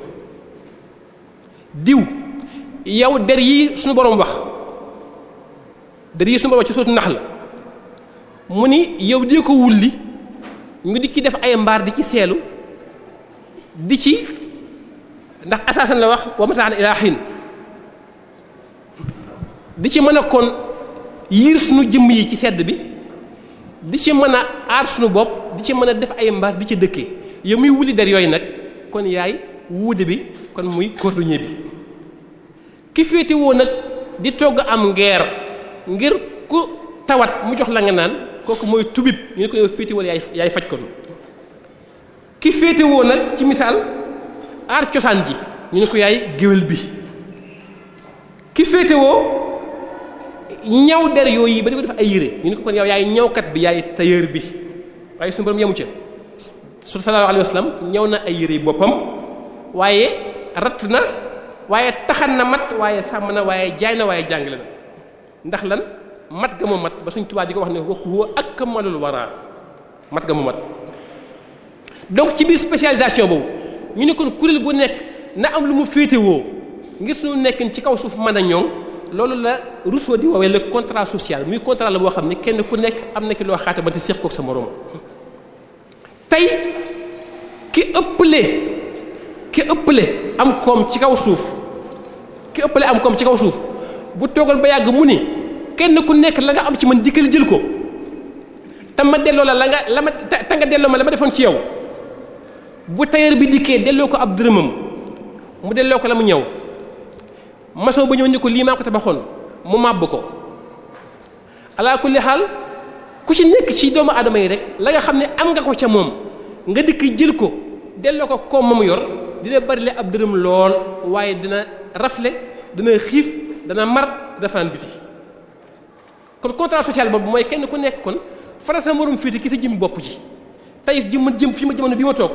diw yow dër yi suñu boroom wax dër yi suñu borom wax ci soosu nax la mu ni yow di ko wulli ñu di ci def ay mbaar di ci seelu di ci ndax asaasan la wax wa masaan ilaa xiin di ci mën yiir sunu jëmm yi ci sedd bi di ci mën a aar sunu bopp di ci mën a def ay mbaar di ci dëkkee yow muy wuli der yooyu nag kon yaay wuude bi kon muy lu bi ki féetewoo nag di togg am ngeer ngir ku tawat mu jox la nga naan kooku mooy tubib ñu ne ko yow féete yaay faj kon ki féetewoo nag ci misaal aar cosaan ji ñu ne ko yaay géwél bi ki féete ñaw der yooyu ba di ko def ay yére ñu ne ko kon yow yaay ñawkat bi yaay tailleur bi waaye suñu borom yemu ca su alayhi wasallam ñaw na ay yére boppam waaye ratt na waaye taxan na mat waaye sàmm na waaye jaay na waaye jàngale na ndax lan mat ga mu mat ba suñ tubaab di ko wax ne wakku woo ak malul waraa mat ga mu mat donc ci biir spécialisation boobu ñu ne kon kuréel gu nekk na am lu mu féete woo ngir suñu nekkin ci kaw suuf mën a ñoŋ loolu la Rousseau di woowee le contrat social muy contrat la boo xam ni kenn ku nekk am na ki loo xaate ba te séq kook sa moroom tey ki ëppale ki ëppale am koom ci kaw suuf ki ëppale am koom ci kaw suuf bu toogoon ba yàgg mu ni kenn ku nekk la nga am ci man dikkal jël ko te ma delloo la la nga la ma te nga delloo ma la ma defoon ci yow bu tailleur bi dikkee delloo ko ab dërëmam mu delloo ko la mu ñëw maçon ba ñëw ni ko lii maa ko tabaxoon mu màbb ko ala kulli xaal ku ci nekk ci doomu aadama yi rek la nga xam ne am nga ko ca moom nga dikk jël ko delloo ko kom ma mu yor dina bari la ab dërëm lool waaye dina rafle dana xiif dana mar dana fanaan biti kon contrat social boobu mooy kenn ku nekk kon farasa morom féete ki sa jëm bopp ji tey ji ma jëm fi ma jamono bi ma toog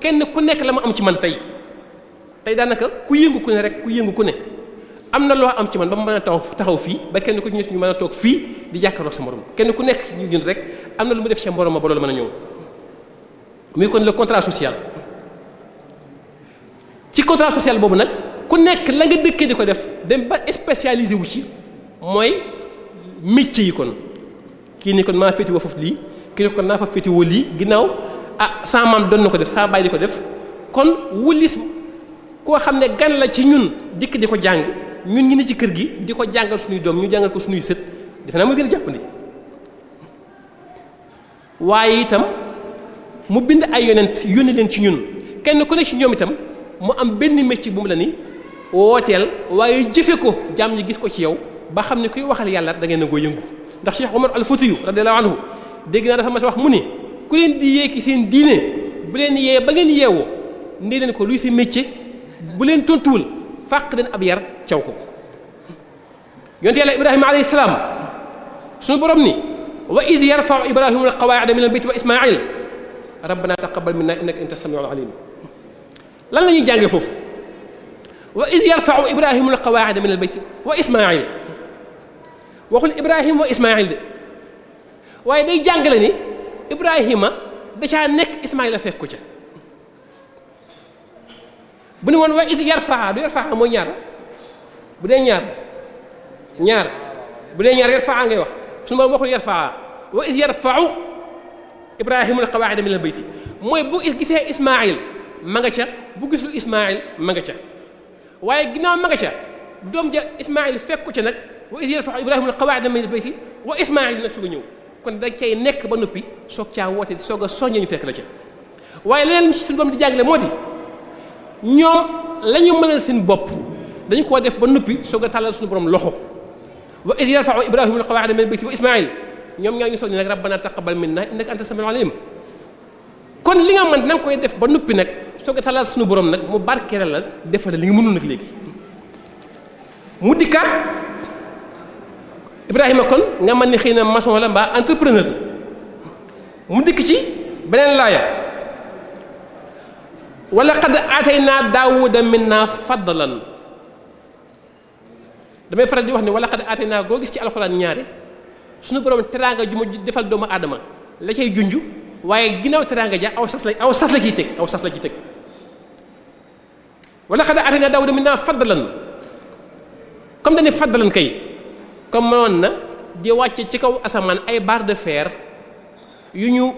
kenn ku nekk la ma am ci man tey tey daanaka ku yëngu ku ne rek ku yëngu ku ne am na loo am ci man ba mu mën a taw taxaw fii ba kenn ku ci ñu mën a toog fii di jàkkaarloog sa morom kenn ku nekk ñu ñun rek am na lu mu def ci morom a ñëw kon le contrat social ci contrat social boobu nag ku nekk la nga dëkkee di ko def dem ba spécialisé wu ci mooy métier yi kon kii ni kon maa féetewoo foofu lii kii ni kon naa fa féetewoo lii ginnaaw ah saa maam doon na ko def saa bàyyi di ko def kon wulis koo xam ne gan la ci ñun dikk di ko jàng ñun ñi ni ci kër gi di ko jàngal suñuy doom ñu jàngal ko suñuy sët defe naa mooy gën a jàppandi waaye itam mu bind ay yonent yónni leen ci ñun kenn ku ne ci ñoom itam mu am benn métier bu mu la ni wooteel waaye jëfe ko jaam ñi gis ko ci yow ba xam ne kuy waxal yàlla da ngeen a yëngu ndax Cheikh Omar al Foutiyou radiyallahu anhu dégg naa dafa mas wax mu ne ku leen di yee ki seen diine bu leen yee ba ngeen yeewoo ndee leen ko luy sa métier bu leen tontuwul fàq leen ab yar caw ko yonte yàlla ibrahima alayhi salaam borom ni wa id yarfau ibrahima al qawaida min al bayti wa ismail rabbana minna innaka anta samiul alim lan la ñuy jàngee foofu wa id yarfau ibrahima al qawaida min al bayti wa waxul ibrahima wa ismail de waaye day jàngale ni ibrahima da caa nekk ismail a fekk ko ca bu ne woon wa is yarfaa du yarfaa mooy ñaar bu dee ñaar ñaar bu dee ñaar yarfaa ngay wax suñu borom waxul yarfaa wa is yarfau ibrahimul qawaida min la bayti mooy bu gisee ismail ma bu gisul ismail ma ca waaye ginnaaw ma doom ja ismail fekk ko ci nag wa is yarfau ibrahimul qawaida min al bayti wa ismail nag su nga ñëw kon dañ cay nekk ba noppi soog caa woote soog a soññee ñu fekk la ci waaye leneen suñu borom di jàngale moo di ñoom la ñu mënal seen bopp dañ koo def ba nuppi soog a tàllal suñu borom loxo wa is yarfau ibrahima alqawaida min bayti wa ismail ñoom ñaa ngi soog ni nag rabbana taqabal minna innaka anta samiul alim kon li nga mën na nga koy def ba nuppi nag soog a tàllal suñu borom nag mu barkeela la defal li nga mënul nag léegi mu dikkaat ibrahima kon nga mën ni xëy na maçon la mbaa entrepreneur mu dikk ci beneen laaya wala qad a daawuda minna fadlan damay faral di wax ne wala qad aataynaa goo gis ci alxuraan ñaare suñu borom teraanga ju ma defal doomu aadama la cay junj waaye ginnaaw teraanga ja aw sas aw sas la ciy teg aw sas la ciy teg wala qad aataynaa daawuda comme dañuy fadlan kay comme mënoon na di wàcce ci kaw asamaan ay barre de fer yu ñu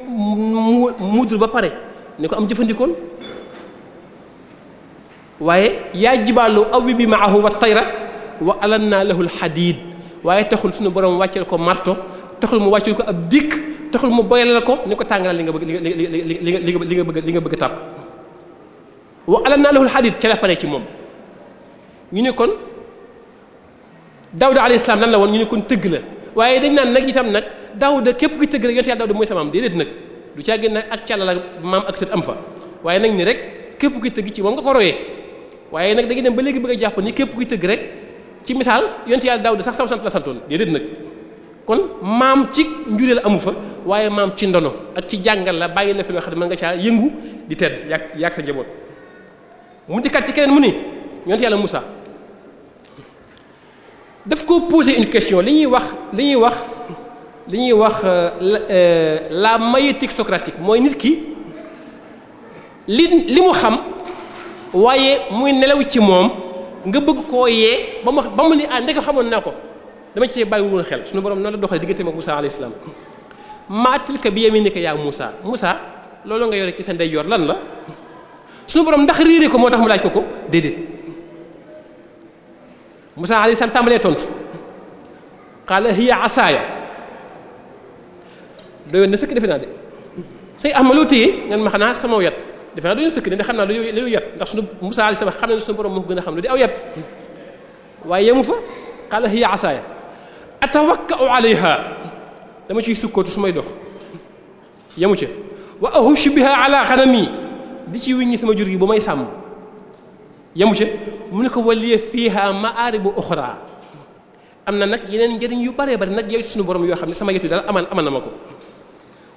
muudul ba pare ne ko am jëfandikoon. waaye yaa bi jibaalu awwibi maahu wa tayra wa alanna lahu alxadiid waaye taxul suñu borom wàcceel ko marto taxul mu wàcceel ko ab dikk taxul mu boyalal ko ni ko tàngalal li nga bëgg li nga li nga li nga bëgg li nga bëgg tàpp wa alanna lahu alxadiid ca la pare ci moom ñu ne kon Daawuda alayhi salaam lan la woon ñu ne kon tëgg la waaye dañ naan nag itam nag Daawuda képp ku tëgg rek yonte Yàlla Daawuda mooy samaam déedéet nag du caa génn ak càlla la maam ak sët am fa waaye nag ni rek képp ku tëgg ci moom nga ko royee waaye nag dañuy dem ba léegi bëgg a jàpp ni képp kuy tëgg rek ci misaal yonent yàlla Daawuda sax saw sant la santoon déedéet nag kon maam ci njureel amu fa waaye maam ci ndono ak ci jàngal la bàyyi la fi loo xam ne mën nga caa yëngu di tedd yàq yàq sa njaboot mu dikkaat ci keneen mu ni yonent yàlla Moussa daf ko poser une question li ñuy wax li ñuy wax li ñuy wax euh, euh, la maïeutique socratique mooy nit ki li li mu xam waaye muy nelaw ci moom nga bëgg koo yee ba mu ba mu ni ah ndeke xamoon na ko dama ci bàyyi woon xel suñu borom noonu la doxalee diggante ak Moussa alayhi salaam maa tilka bi yaminika yaa Moussa Moussa loolu nga yore ci sa ndeyjoor lan la suñu borom ndax riire ko moo tax mu laaj ko ko déedéet Moussa alayhi salaam tàmbalee tontu qaala hiya asaaya fekk defe naa de say ahmaloo téye ngeen ma xanaa sama wet defe naa dañu xam naa lu yet ndax sunu Musaa alayhi salaam xam ne sunu borom moo ko gën a xam ne di aw yet waaye yemu fa qaala hiya asaaya atawakka'u alayha dama ciy sukkootu su may dox yemu ca wa ahushu biha ala xanami di ci wiññi sama jur gi bu may sàmm yemu ca mu ne ko waliya fiiha ma'aaribu am na nag yeneen njëriñ yu baree bari nag yow suñu borom yoo xam ne sama yetu daal amal amal na ma ko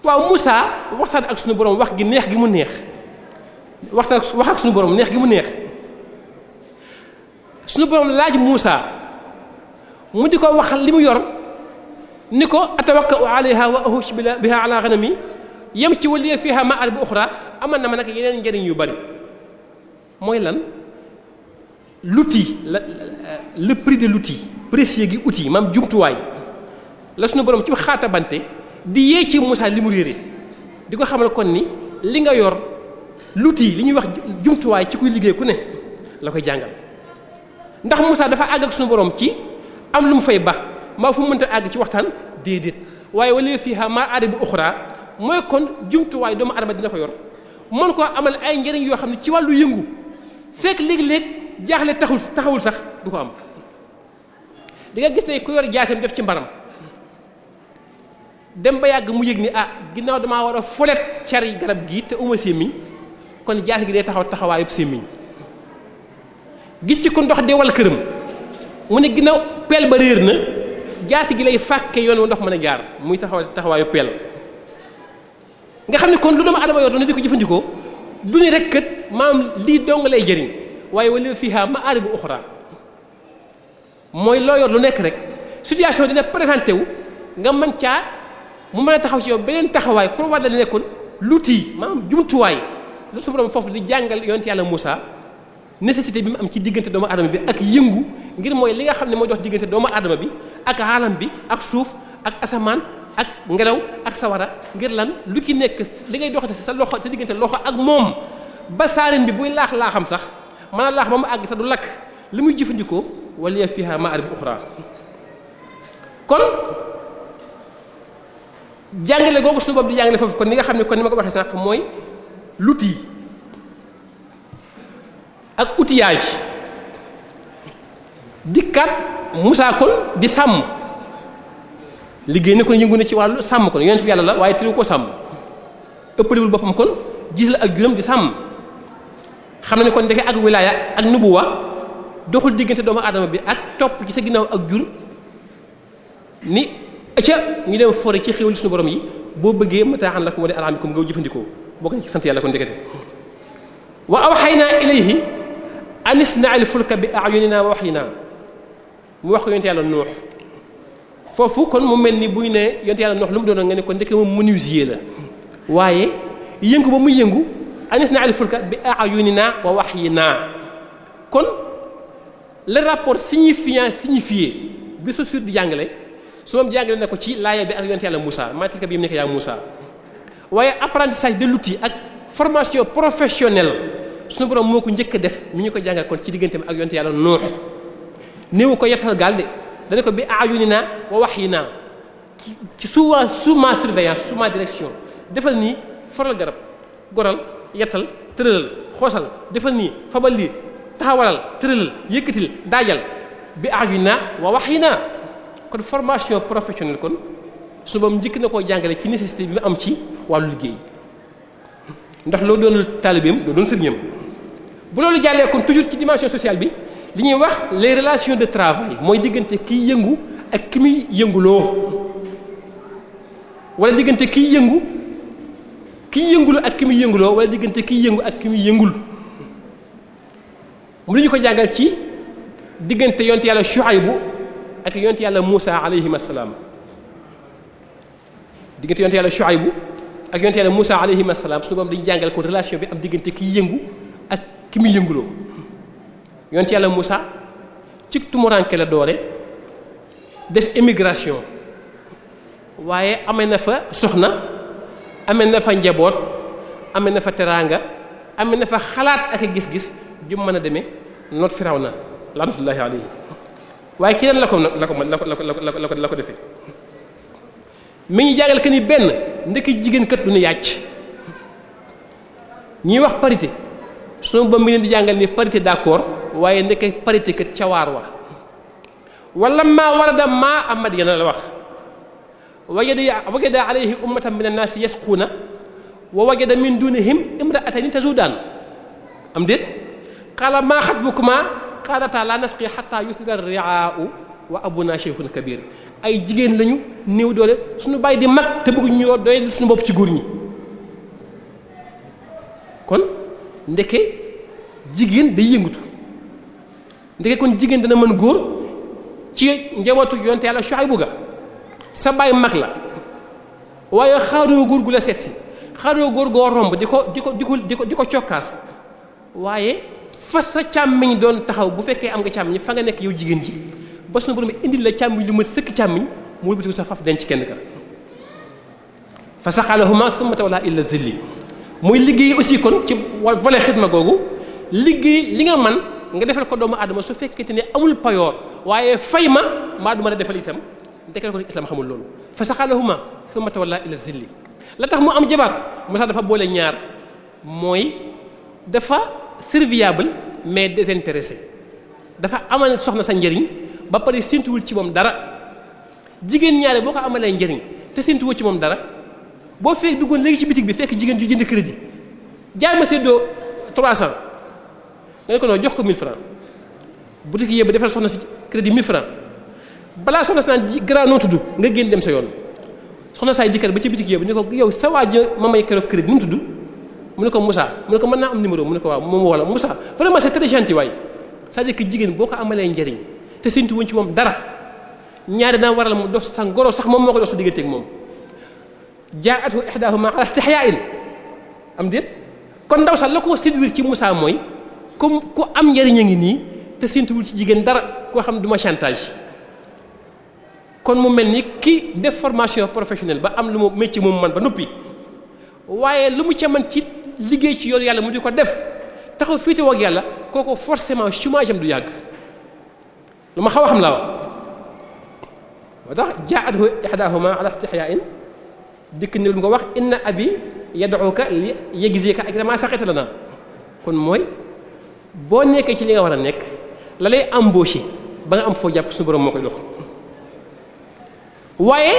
waaw Moussa waxtaan ak suñu borom wax gi neex gi mu neex waxtaan wax ak suñu borom neex gi mu neex suñu borom laaj Muusa mu di ko wax li mu yor ni ko atawakkau alayha wa ahush biha ala ghanami yem ci waliya fiha ma arbi uxra amal na ma nag yeneen njëriñ yu bari mooy lan l'outil la le prix de l'outil maam jumtuwaay la suñu borom ci xaatabante di yee ci Muusa li mu réere di ko xamal kon ni li nga yor l'outil li ñuy wax jumtuwaay ci kuy liggéey ku ne la koy jàngal ndax Moussa dafa àgg ak suñu borom ci am lu mu fay ba maa fu mu mënta àgg ci waxtaan déedéet waaye wala fii ha maa kon jumtuwaay doomu adama dina ko yor mën koo amal ay njëriñ yoo xam ne ci wàllu yëngu fekk léeg-léeg jaaxle taxul taxawul sax du ko am di nga gis tey ku yor jaaseem def ci mbaram dem ba yàgg mu yëg ni ah ginnaaw dama war a folet yi garab gii te uma mi kon jaasi gi day taxaw taxawaayub sémmiñ gis ci ku ndox di wal këram mu ne ginnaaw pel ba réer na jaasi gi lay fàkke yoon wu ndox mën a jaar muy taxaw taxawaayu peel nga xam ne kon lu doomu adama yor ko jëfandikoo du rek kat lii dong lay jëriñ waaye wala fiha ma aaribu uxra lu nekk rek situation dina présenté wu nga man caa mu mën a taxaw ci yow beneen taxawaay pour war la nekkoon l'outil maanaam jumtuwaay lu su foofu di jàngal yonent yàlla Moussa nécessité bi mu am ci diggante doomu adama bi ak yëngu ngir mooy li nga xam ne moo jox diggante doomu aadama bi ak alam bi ak suuf ak asamaan ak ngelaw ak sawara ngir lan lu ki nekk li ngay dox sa loxo sa diggante loxo ak moom ba saarin bi buy laax laaxam sax mën a laax ba mu àgg te du lakk li muy jëfandikoo wala fiha ma'arib ukhra kon jàngale googu suñu bopp di jàngale foofu kon ni nga xam ne kon ni ma waxee sànq mooy. l'outil ak outillage dikkaat musaa kon di sàmm liggéey na kon yëngu na ci wàllu sàmm kon yonent bi yàlla la waaye tëriwu ko sàmm ëppalewul boppam kon gis ak juróom di sàmm xam na ne kon ndeke ak wilaaya ak nubuwa doxul diggante doomu aadama bi ak topp ci sa ginnaaw ak jur ni ca ñu dem fore ci xéwal suñu borom yi boo bëggee mataa an la ko wala alaamikum nga jëfandikoo bokk na ci sant yàlla ko ndekete wa awxaynaa ilayhi an isna' al-fulka bi a'yuninaa wa mu wax ko yonte yàlla nuux foofu kon mu mel ni buy ne yonte yàlla nuux lu mu doon nga ne ko ndeke moom menuisier la waaye yëngu ba muy yëngu an isna' al-fulka bi a'yuninaa wa wahyinaa kon le rapport signifiant bi Saussure di jàngale su moom na ko ci laaya bi ak yonte yàlla Moussa maa tilka bi yamiinika yaa Moussa waaye apprentissage de l'outil ak formation professionnelle suñu borom moo ko njëkk a def mi ñu ko jàngal kon ci diggante bi ak yonte yàlla nuux néew ko yettal gaal de dana ko bi aayuni naa wa wax yi naa ci sous sous ma surveillance sous defal nii foral garab goral yettal tëralal xoosal defal nii fabal lii taxawalal kon formation professionnelle kon su mu njëkk na koo jàngale ci nécessité bi mu am ci wàllu liggéey ndax loo doonul taalibeem doo doon sëriñam bu loolu jàllee kon toujours ci dimension sociale bi li ñuy wax les relation de travail mooy diggante kiy yëngu ak ki muy yënguloo wala diggante kiy yëngu kiy yëngulu ak ki muy wala diggante kiy yëngu ak ki yëngul mu li ñu ko jàngal ci diggante yonte yàlla Shuaybu ak yonte yàlla Muusa alayhim assalaam diggante yonte yàlla Shuaybu ak yonte yàlla Musa alayhi asalaam suñu borom dañu jàngal ko relation bi am diggante ki yëngu ak ki muy yënguloo yonte yàlla Musa ci tumuraanke la doore def émigration waaye amee na fa soxna amee na fa njaboot amee na fa teraanga amee na fa xalaat ak a gis-gis ju mën a demee noot Firawna laanatullahi alayhi waaye ki lan la ko la ko la ko la ko la ko la ko defe mi ngi jàngal que ni benn ndekki jigéen kat du ñu yàcc ñuy wax parité sunu ba mi leen di jàngal ni parité d'accord waaye ndekk parité kat cawaar wa wala maa warada maa amad yana la wax wajada wajada alayhi ummatan min annaasi yasquuna wa wajada min dunihim imra'atayni tazudaan am déet qaala maa xatbukumaa qaalataa laa nasqi xatta yusdira ri'aa'u wa abunaa shaykhun kabiir ay jigéen lañu néew doole suñu bàyyi di mag te bëgguñ ñoo doy suñu bopp ci góor ñi kon ndeke jigéen day yëngatu ndeke kon jigéen dana mën góor ci njabootu yonte yàlla Shuaybu ga sa bàyyi mag la waaye xaaroo góor gu la seet si xaaroo góor goo romb di ko di ko di ko di ko di ko cokkaas waaye fa sa càmmiñ doon taxaw bu fekkee am nga ñi fa nga nekk yow jigéen ji ba suñu borom indil la càmmiñ lu mat sëkk càmmiñ mu wëlbati ko sa faf denc kenn ka fa ma summa tawala illa zilli muy liggéey aussi kon ci volet xidma googu liggéey li nga man nga defal ko doomu aadama su fekkente ne amul payoor waaye fay ma maa du mën a defal itam ndekete ko islam xamul loolu fa saxaalahuma summa tawala illa zilli la tax mu am jabar Moussa dafa boole ñaar mooy dafa serviable mais désintéressé dafa amal soxna sa njëriñ. ba pare séntuwul ci moom dara jigéen ñaare boo ko amalee njëriñ te séntuwoo ci moom dara boo fee duggoon léegi ci bitig bi fekk jigéen ju jënd krédit jaay ma séddoo 300 nga ne ko non jox ko 1000 francs boutique yëpp defal soxna si crédit 1000 francs balaa soxna si naan grand noo tudd nga génn dem sa yoon soxna saay dikkat ba ci bitig yëpp ne ko yow sa waa ma may keroog crédit nu mu tudd mu ne ko Moussa mu ne ko mën naa am numéro mu ne ko moom wala Moussa vraiment c'est très gentil waay cest à jigéen boo ko amalee njëriñ. te séntu ci moom dara ñaari daan waral mu dox sa ngoro sax moom moo ko dox sa digganteeg moom jaatu ihdaahuma ala istihyaa'in am déet kon ndaw sax la ko séduire ci musaa mooy comme ku am njariñ a ngi nii te séntuwul ci jigéen dara koo xam duma chantage kon mu mel ni ki def formation professionnelle ba am lu mu métier moom man ba noppi waaye lu mu ca man ci liggéey ci yoonu yàlla mu di ko def taxaw féete ak yàlla kooku forcément chômage am du yàgg lu ma xaw a xam laa wax moo tax jaathu ihdaahuma ala istihyaa'in dikk ni lu mu ko wax inna abi yad'uka li yajzika akrama saqita lana kon mooy boo nekkee ci li nga war a nekk la lay embauché ba nga am foo jàpp suñu borom moo koy dox waaye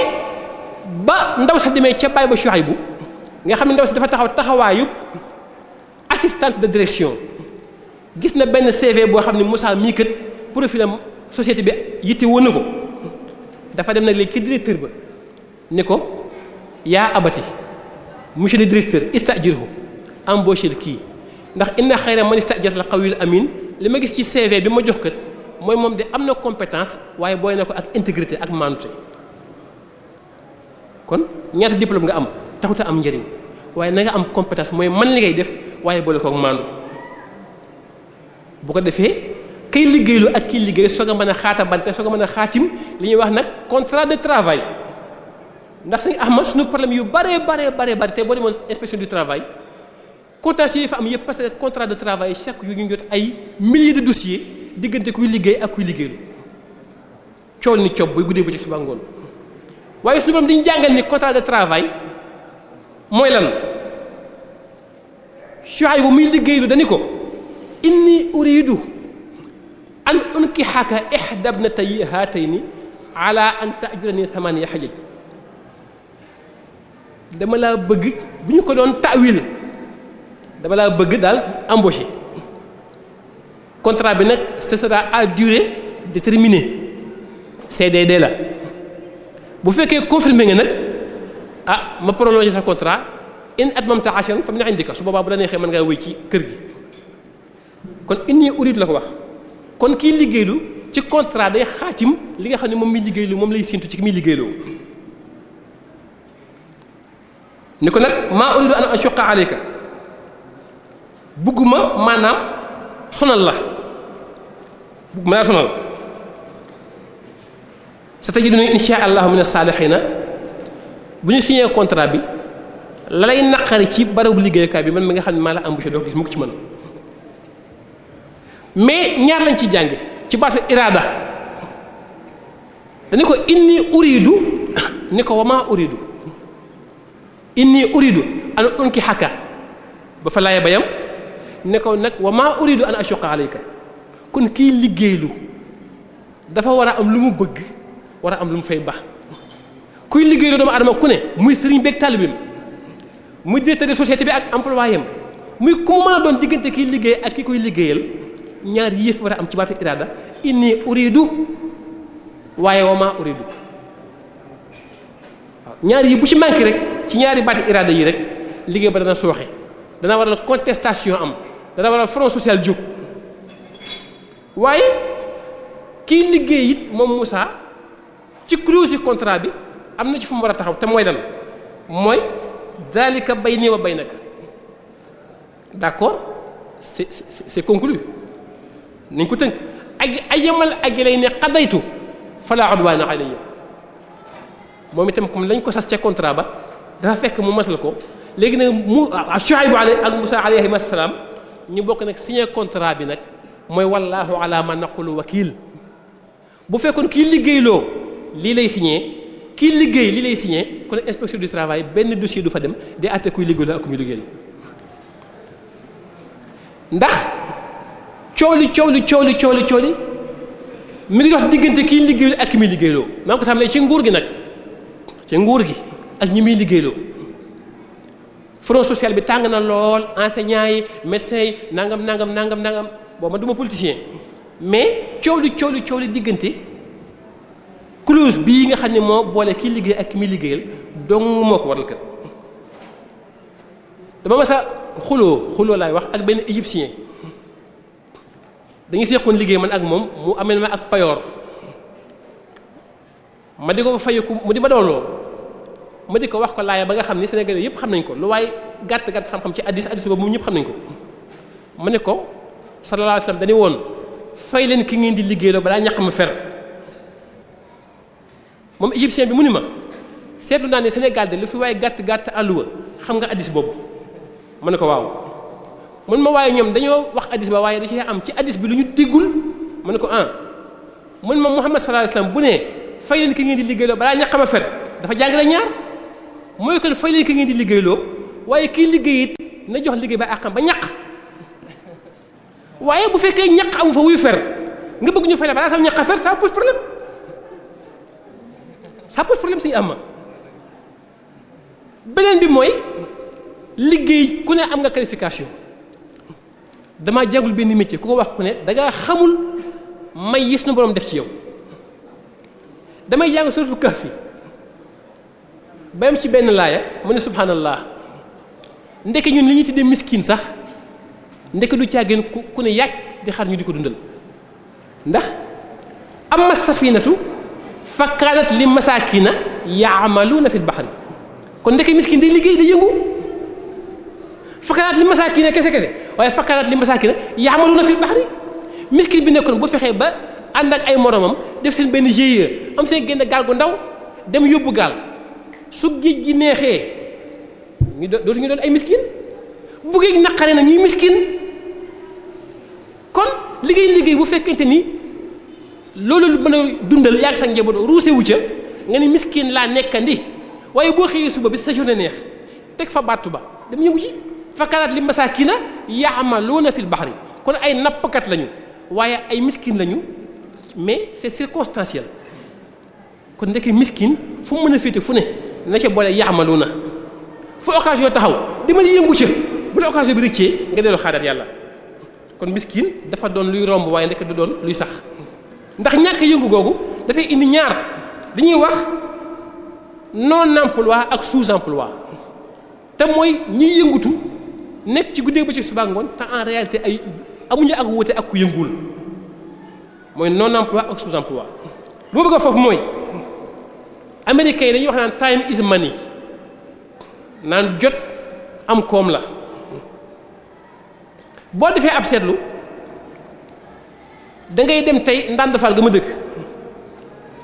ba ndaw sa demee ca baay ba Shuaybu nga xam ne ndaw si dafa taxaw taxawaayu assistante de direction gis na benn CV boo xam ne Moussa mii kat profilam société bi yitte woon na ko dafa dem nag léegi ki directeur ba ni ko yaa abati monsieur le directeur istajirhu embauché kii ndax inna xayra man la al qawiyul amin li ma gis ci CV bi ma jox kat mooy moom de am na compétence waaye booy na ko ak intégrité ak maanute kon ñaata diplôme nga am taxut a am njëriñ waaye nanga am compétence mooy man li ngay def waaye boole ko ak maandu bu ko defee kay liggéeylu ak kiy liggéey soo nga mën a xaata bante soo nga mën a xaatim li ñuy wax nag contrat de travail ndax sëñ Ahmad suñu problème yu baree baree baree bare te boo demoon inspection du travail am yëpp parce que contrat de travail chaque yu ñu jot ay milliers de dossiers diggante kuy liggéey ak kuy liggéeylu cool ni coob buy guddee ba ci suba ngoon waaye suñu borom dañu jàngal ni contrat de travail mooy lan Shuayb bu muy liggéeylu dañu ko inni uridu an unkixaka ixda bnatay haatayni ala an taajurani thamaniya xajaj dama laa bëgg bu ñu ko doon tawil dama laa bëgg daal embauché contrat bi nag ce sera à durée déterminée CDD la bu fekkee confirmé nga nag ah ma prolongé sa contrat in atmamta ashran fa min indika su boobaa bu la neexee mën ngaa wéy ci kër gi kon inni urid la ko wax kon kii liggéeylu ci contra day xaatim li nga xam ne moom mi liggéeylu moom lay séentu ci ki muy liggéeyloo ni ko nag maa uridu an ashuqa alayka bugguma maanaam sonal la ma laa sonal sa tajiduni insha allahu min as-salihina bu ñu signé contra bi la lay naqari ci barabu liggéeyukaay bi man mi nga xam ne maa la embauché doo gis mukk ci man mais ñaar lañ ci jàng ci baatu iraada dañu ko inni uridu ni ko wama uridu inni uridu an unki xaka ba fa bayam ne ko nag wama uridu an ashuqa alayka kon kii liggéeylu dafa war a am lu mu bëgg war a am lu mu fay baax kuy liggéeylu doomu adama ku ne muy sëriñ beeg taalibeem muy directeur de société bi ak employé am muy ku mu mën a doon diggante kiy liggéey ak ki koy liggéeyal ñaar yii fi war a am ci baatu iraada inni uridu waaye wa maa uridu waaw ñaar yi bu ci manqué rek ci ñaari baati iraada yi rek liggéey ba dana sooxe dana waral contestation am dana waral front social jóg waaye kiy liggéey it moom Moussa ci clause du contrat bi am na ci fu mu war a taxaw te mooy lan mooy bay bayni wa baynaka d'accord c'est c'est conclu nañ ko tënk ak ayamal ak lay ne xadaytu fala udwaana alayya moom itam comme lañ ko sas ca contra ba dafa fekk mu masal ko léegi nag mu ak Musa alayhi salaam ñu bokk nag signé contrat bi nag mooy wallaahu ala ma naqulu wakiil bu fekkoon kii liggéeyloo lii lay signé kii liggéey lii lay signé kon inspection du travail benn dossier du fa dem day àtte kuy liggéeyloo ak ku muy liggéeyal ndax. coow li coow li coow li coow li coow mi ngi dox diggante kii liggéeylu ak ki muy liggéeyloo maa ngi ko tàmbalee ci nguur gi nag ci nguur gi ak ñi muy liggéeyloo front social bi tàng na lool enseignants yi médecins yi nangam nangam nangam nangam bon man du politicien mais coow li coow li coow li diggante clause bii nga xam ne moo boole kii liggéey ak ki muy liggéeyal dong moo ko waral kat dama mas xuloo xuloo lay wax ak benn égyptien. dañu seqoon liggéey man ak moom mu amel ma ak payoor ma di ko fayeku mu di ma dooloo ma di ko wax ko laaya ba nga xam ni sénégalais yëpp xam nañ ko lu waaye gàtt gàtt xam-xam ci addis addis ba moom ñëpp xam nañ ko ma ne ko sallallahu alayhi wasallam woon fay ki ngeen di liggéey la balaa ñàq ma fer moom égyptien bi mu ni ma seetlu naa ne Sénégal de lu fi waaye gàtt gàtt àlluwa xam nga addis boobu ma ne ko waaw mun ma waaye ñoom dañoo wax hadis ba waaye da am ci hadis bi lu ñu déggul mu ne ko ah mun ma Muhammad sallallahu alayhi bu ne fay leen ki ngeen di liggéeyloo balaa xam a fer dafa jàngale ñaar mooy kon fay leen ki ngeen di liggéeyloo waaye kii liggéey na jox liggéey ba àqam ba ñaq waaye bu fekkee ñaq amu fa wuy fer nga bëgg ñu fay la balaa sam ñaq a fer ça pose problème ça pose problème suñu am beneen bi mooy liggéey ku ne am nga qualification. damaa jàngul benn métier ku ko wax ku ne dangaa xamul may yi suñu boroom def ci yow damay jàng suratul kahfi bayam ci benn laaya mu ne subhanallah ndeke ñun li ñuy tuddee miskin sax ndeke du càggeen ku ku ne yàcc di xar ñu di ko dundal ndax amma safinatu fa kaanat li masaakina yaamaluuna fil bahri kon ndeke miskin day liggéey day yëngu fa kaanat li masaakina kese kese waaye fakkarat li masaakina ya'maluna fil bahri miskin bi nekkoon bu fexee ba ànd ak ay moromam def seen benn GIE am seen génn gaal gu ndaw dem yóbbu gaal su géej gi neexee ñu dootu ñu doon ay miskin bu géej naqaree na ñuy miskin kon liggéey liggéey bu fekkente ni loolu lu mën a dundal yaa sa njaboot ruuse wu ca nga ni miskin laa nekkandi waaye boo xëyee suba bi sa journée neex teg fa battu ba dem yëngu ci fa kanaat li masaakiina yaxmaluuna fi baxri kon ay nappkat lañu waaye ay miskin lañu mais c'est circonstanciel kon ndeke miskin fu mën a féete fu ne na ca boole yaxmaluuna fu occasion taxaw dama yëngu ca bu la occasion bi rëccee nga dellu xaadaat yàlla kon miskin dafa doon luy romb waaye ndeke du doon luy sax ndax ñàkk yëngu googu dafay indi ñaar dañuy ñuy wax non emploi ak sous emploi te mooy ñiy yëngutu nekk ci guddeeg ci suba ngoon te en réalité ay amuñu ak wute ak ku yëngul mooy non emploi ak sous emploi lu ma bëgg foofu mooy américains yi dañuy wax naan time is money naan jot am koom la boo defee ab seetlu dangay dem tey ndànd faal ga ma dëkk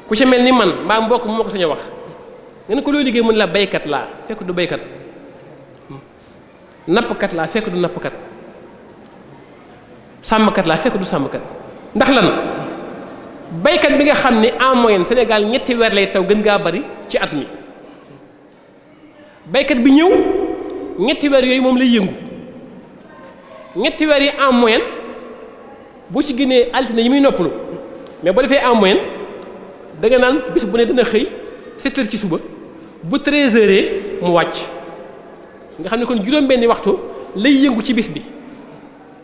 ku ci mel ni man mbaa mbokk moo ko sañ wax nga ne ko loo liggéey mën la baykat laa fekk du baykat nappkat laa fekk du nappkat sàmmkat laa fekk du sàmmkat ndax lan baykat bi nga xam ni en moyenne Sénégal ñetti weer lay taw gën gaa bari ci at mi baykat bi ñëw ñetti weer yooyu moom lay yëngu ñetti weer yi en moyenne bu ci génnee altine yi muy noppalu mais boo defee en moyenne da nga naan bis bu ne dina xëy 7 heures ci suba bu 13 heures mu wàcc. nga xam ne kon juróom-benni waxtu lay yëngu ci bis bi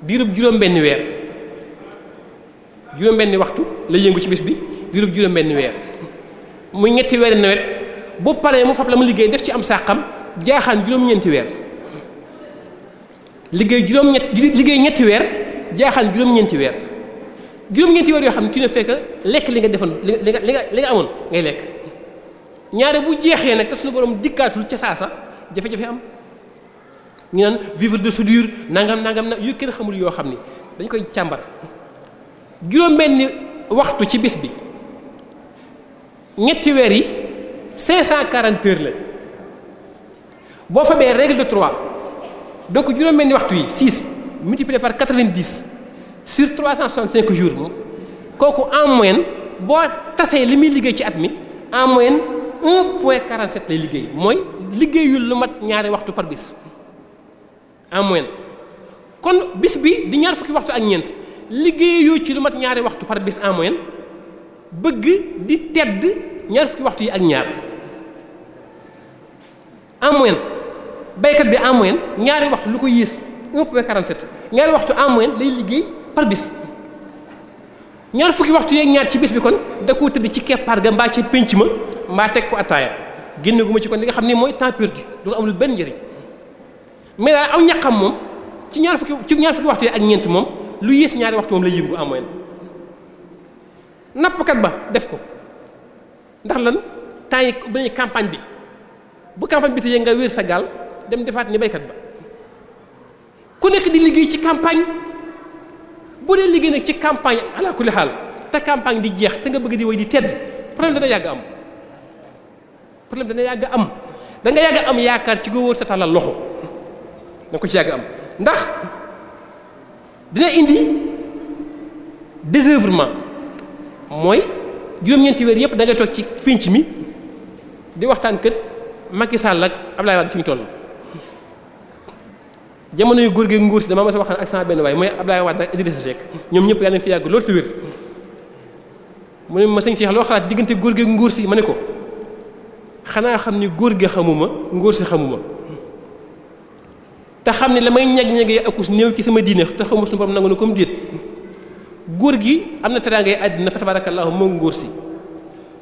diirub juróom-benni weer juróom-benni waxtu lay yëngu ci bis bi diirub juróom-benni weer muy ñetti weer nawet bu pare mu fab la mu liggéey def ci am sàqam jaaxaan juróom-ñeenti weer liggéey juróom-ñett liggéey ñetti weer jaaxaan juróom-ñeenti weer juróom-ñeenti weer yoo xam ne tu fekk lekk li nga defoon li nga li nga li nga amoon ngay lekk ñaare bu jeexee nag te suñu borom dikkaatul ca saasa jafe-jafe am. ñu naan vivre de soudure nangam nangam na yu kenn xamul yoo xam ni dañ koy càmbar juróom-benni waxtu ci bis bi ñetti weer yi 540 heures la boo fabee règle de 3 donc juróom-benni waxtu yi 6 multiplié par 90 sur 365 jours kooku en moyenne boo tasee li muy liggéey ci at mi en moyen 1 point 47 lay liggéey mooy liggéeyul lu mat ñaari waxtu par bis. en moyenne kon bis bi di ñaar fukki waxtu ak ñeent liggéey yooyu ci lu mat ñaari waxtu par bis en moyenne bëgg di tedd ñaar fukki waxtu yi ak ñaar en moyenne baykat bi en moyenne ñaari waxtu lu ko yées 1.47 ñaari waxtu en moyenne lay liggéey par bis ñaar fukki waxtu yeeg ñaar ci bis bi kon da koo tëdd ci keppaar ga mbaa ci pénc ma mbaa teg ko attaaya génne gu ci kon li nga xam ne mooy temps perdu du ko amul benn njëriñ. mais daal aw ñaqam moom ci ñaar ci ñaar fukki ak ñeent moom lu yées ñaari waxtu moom lay yëngu en moyenne ba def ko ndax lan temps yi campagne bi bu campagne bi tëjee nga wér sa gaal dem defaat ni baykat ba ku nekk di liggéey ci campagne bu dee liggéey nag ci campagne ala kulli te campagne di jeex te nga bëgg di way di tedd problème dana yàgg am problème dana yàgg am da nga yàgg am yaakaar ci góor te tàllal loxo. danga ko ci yàgg am ndax dina indi désœuvrement mooy juróom-ñeenti weer yëpp da ngay toog ci pénc mi di waxtaan kët Macky Sall ak Abdoulaye Wade fi ñu toll jamono góor gi nguur si dama ma sa waxtaan ak sama benn waay mooy Abdoulaye Wade ak Idrissa Seck ñoom ñëpp yàlla fi yàgg loolu te wér mu ne ma sëñ Cheikh loo xalaat diggante góor gi nguur si ma ne ko xanaa xam ni góor gi xamuma nguur si xamuma te xam ne la may ñag-ñagee akus néew ci sama diine te xaw ma suñu borom nangu na comme déet góor gi am na teraangay àddina fa tabarakallahu moo ngóor si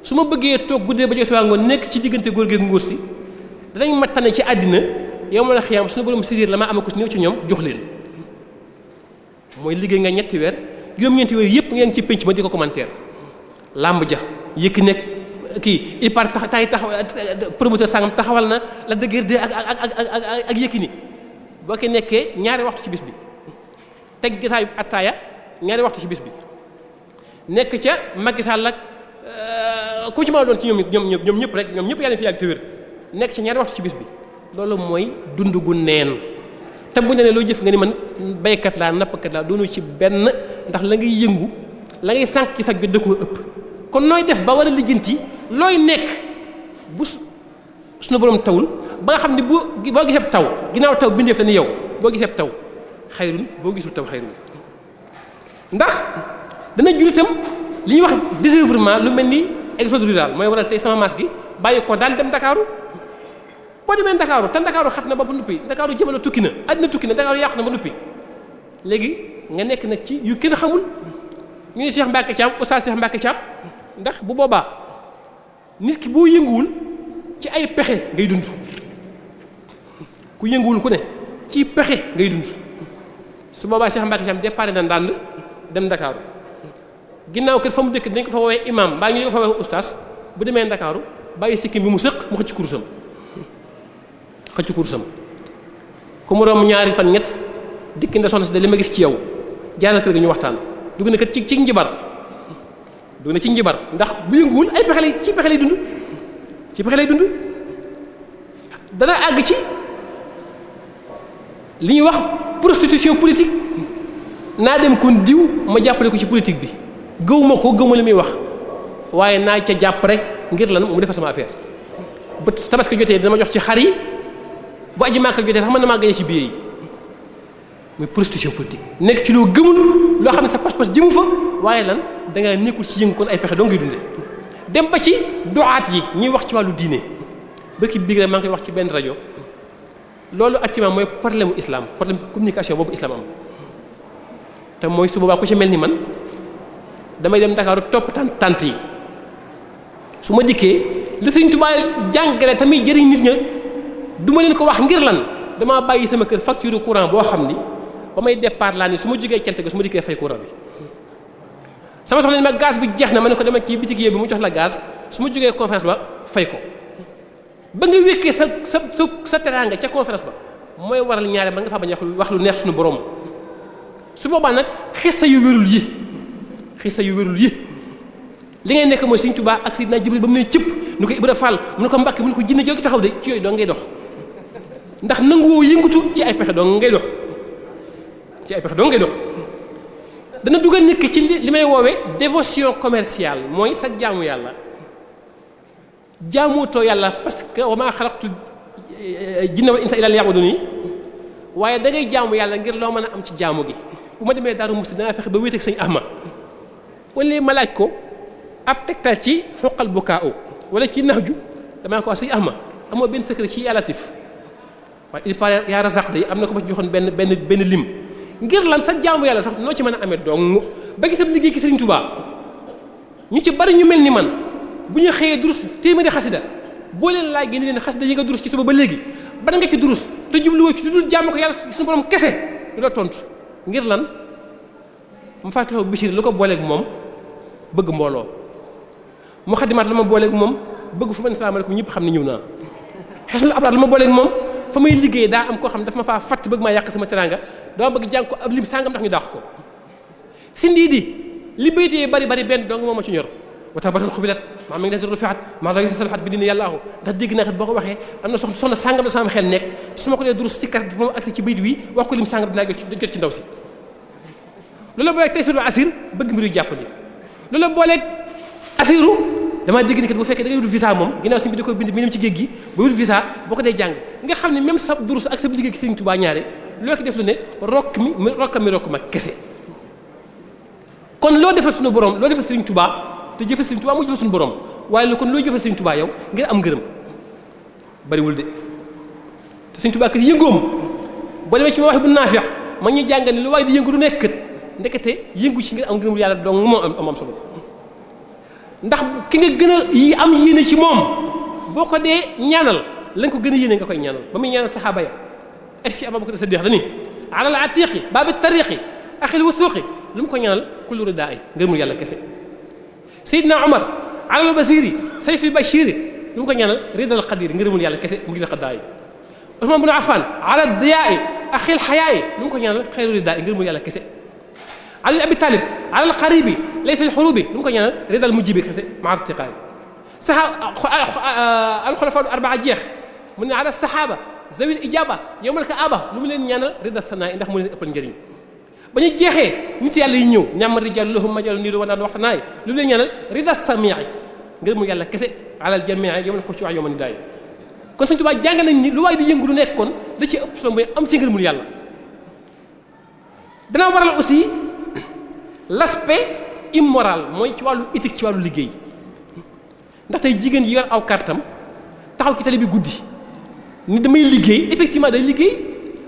su ma bëggee toog guddee ba ci suba ngoon nekk ci diggante góor gi ak ngóor si danañ ma ci àddina yow ma la xiyam suñu borom saisir la ma am akus néew ci ñoom jox leen mooy liggéey nga ñetti weer juróom-ñeenti weer yëpp ngeen ci pénc ma di ko komanteer làmb ja yëkk nekk kii ipar tax taay tax promoteur taxawal na la dëgër de ak ak ak boo ko nekkee ñaari waxtu ci bis bi teg gisaayu attaaya ñaari waxtu ci bis bi nekk ca magisal ak euh, ku ci mën a doon ci ñoom ñoom ñoom ñëpp rek ñoom ñëpp yàlla fi yàgg te nekk ci ñaari waxtu ci bis bi loolu mooy dund gu neen te bu ñu looy jëf nga ni man baykat laa nappkat laa doonu ci benn ndax la ngay yëngu la ngay sànq ci sa jot da koo ëpp kon nooy def ba war a lijjanti looy nekk suñu boroom tawul ba nga xam ne bu boo gisee taw ginnaaw taw bindeef la ni yow boo gisee taw xayrun boo gisul taw xayrun ndax dana jur itam li ñuy wax désœuvrement lu mel ni exode rural mooy waral tey sama maas gi bàyyi ko daan dem Ndakaaru boo demee Ndakaaru te Ndakaaru xat na ba ba nuppi Ndakaaru jamono tukki na àddina tukki na Ndakaaru yàqu na ba nuppi léegi nga nekk nag ci yu kenn xamul ñu ne Cheikh Mbacke Thiam oustaz seex Mbacke Thiam ndax bu boobaa nit ki boo yënguwul. ci ay pexe ngay dund ku yënguwul ku ne ci pexe ngay dund su boobaa Cheikh Mbacke Thiam départ na ndànd dem ndakaaru ginnaaw kër fa mu dëkk dañ ko fa woowee imam mbaa ñu ko fa woowee ustaas bu demee ndakaaru bàyyi sikkim bi mu sëq mu xëcc kursam xëcc kursam ku mu ñaari fan ñett dikk na soxna si de li ma gis ci yow jaaral kër gi ñu waxtaan dugg na kat ci ci njibar dugg na ci njibar ndax bu yënguwul ay pexe lay ci pexe lay dund ci pexe lay dund dana àgg ci li ñuy wax prostitution politique naa dem kon diw ma jàppale ko ci politique bi gëwuma koo gëwuma li muy wax waaye naa ca jàpp rek ngir lan mu defal sama affaire ba tabaski jotee dama jox ci xar yi bu aji maaka jotee sax mën na maa gañe ci biir yi muy prostitution politique nekk ci loo gëmul loo xam ne sa pas-pas jëmu fa waaye lan da ngaa nekkul ci yëngu kon ay pexe doo ngay dundee dem ba ci duwaat yi ñuy wax ci wàllu diine bëkki biig rek maa ngi koy wax ci benn rajo loolu actuellement mooy problème islaam islam problème communication boobu islam am te mooy su ci mel ni man damay dem Dakar topp tant yi su ma dikkee li Sëriñ Tuubaa jàngale tamit jëriñ nit ña du ma leen ko wax ngir lan damaa bàyyi sama kër facture courant boo xam ni ba may départ laa ni su ma jógee cant ga su ma dikkee fay courant bi. sama soxna ni ma gaz bi jeex na ma ne ko demal ci bitigiyee bi mu jox la gaz su ma jógee conférence ba fay ko ba nga wékkee sa sa sa sa teraanga ca conférence ba mooy waral ñaare ba nga fa bañ a wax lu neex suñu borom su boobaa nag xissa yu wérul yi xissa yu wérul yi li ngay nekk mooy Sëriñ Tuubaa ak si Seydina Jibril ba mu ne cëpp nu ko Ibra Fall mu ne ko Mbàkke mu ne ko jinne jóg taxaw de ci yooyu doo ngay dox ndax nanguwoo yëngutu ci ay pexe doo ngay dox ci ay ngay dox dana dugal nit ki ci li may woowee dévotion commerciale mooy sag jaamu yàlla jaamuutoo yàlla parce que wa maa xalaqtu eh, jinna wal insa illa liya'buduni waaye da jaamu yàlla ngir loo mën a am ci jaamu gi bu ma demee Daaru Musti danaa fexe ba wéet sañ sëñ Ahma wala ma laaj ko ab tegtal ci xoqal bukaaw wala ci nax ju damaa ko wax sëñ Ahma amoo benn secret ci yàllatif waaye il paraît yaa razaq day am na ko ma ci joxoon benn benn benn lim ngir lan sa jaamu yàlla sax noo ci mën a amee dong ba gisam liggéey ki Sëriñ Tuubaa ñu ci bari ñu mel ni man bu ñu xëyee durus téeméeri xasida boo leen laaj génn leen xasida yi nga durus ci suba ba léegi bana nga ci durus te jubluwoo ci lu dul jaamu ko yàlla suñu borom kese du la tontu ngir lan mu fàttaloo Bichir lu ko booleek moom bëgg mbooloo mu xaddimaat la ma booleeg moom bëgg fu ma ne salaamaaleykum ñëpp xam ne ñëw naa xes lu ablaat la ma fa may liggéey daa am koo xam ne daf ma faa fatt bëgg maa yàq sama teraanga dama bëgg jàng ko ab lim sàngam tax ñu dàq ko si ndii di li baytee bari bari benn dong moom ma ci ñor wata batul xubilat maa mi la salxat bi dina yàlla ahu ndax dégg naa kat boo ko waxee am na soxna soxna sàngam la sama xel nekk su ma ko dee durus ci carte bi mu agsi ci bayit wi wax ko lim sàngam dinaa jot ci ndaw si loolu booleeg tey sirlu asir bëgg mbiru jàppandi loolu booleeg dama dégg ni kat bu fekkee da ngay wut visa moom ginnaaw sëñ bi da koy bind mi ci géej gi wut visa boo ko dee jàng nga xam ne même sa durus ak sa liggéey ak sëñ ñaare loo ko def lu ne rokk mi mi rokk mi rokk ma kese kon loo defal suñu borom loo defal sëñ Tuubaa te jëfe sëñ Tuubaa moo jëfal suñu borom waaye la kon looy jëfal sëñ Tuubaa yow ngir am ngërëm bariwul de te sëñ Tuubaa kat yëngoom boo demee ci ma wax bu naafi ma ñu jàngal lu waaye di yëngu du nekk kat ndekete yëngu ci ngir am ngërëm yàlla dong moo am am solo ndax ki nga gën a yi am yéene ci moom boo ko dee ñaanal la ko gën a yéene nga koy ñaanal ba muy ñaanal saxaaba ya ak si Abubakar Siddiq dani alal atiqi baabi tariqi axil wasuuqi lu mu ko ñaanal kullu ridaa ay ngërëmul yàlla kese Seydina Omar alal basiri sayfi bashiri lu mu ko ñaanal ridal ngir mu yàlla kese mu gila qadaa yi Usmaan bin Affan alal diyaa yi axil xayaa yi lu ko ñaanal xayru ridaa ay ngërëmul yàlla kese ala abi talib ala xaribi laysa li xurubi lu mu ko ñaanal ridal mujjibi kese maa tiqaay saxa alxulafaatu ah, ah, ah, arbaa jeex mu ne ala saxaaba zawil ijaba yowmal ka aba lu mu leen ñaanal ridal sanaa ndax mu leen ëppal njëriñ ba ñu jeexee nit yàlla yi ñëw ñaama rijal lahum majalu niiru wa naan waxtanaay lu mu leen ñaanal ridal samii ngir mu yàlla kese alal jamii yowmal xushuwa yowmal nidaay kon Sëriñ Tuubaa jàngal nañ ni lu waaye di yëngu lu nekkoon da ci ëpp solo mooy am ci ngërëmul dana waral aussi laspe immoral mooy ci wàllu éthique ci wàllu liggéey ndaxte jigéen yi yor aw kartam taxaw ci tali bi guddi ni damay liggéey effectivement day liggéey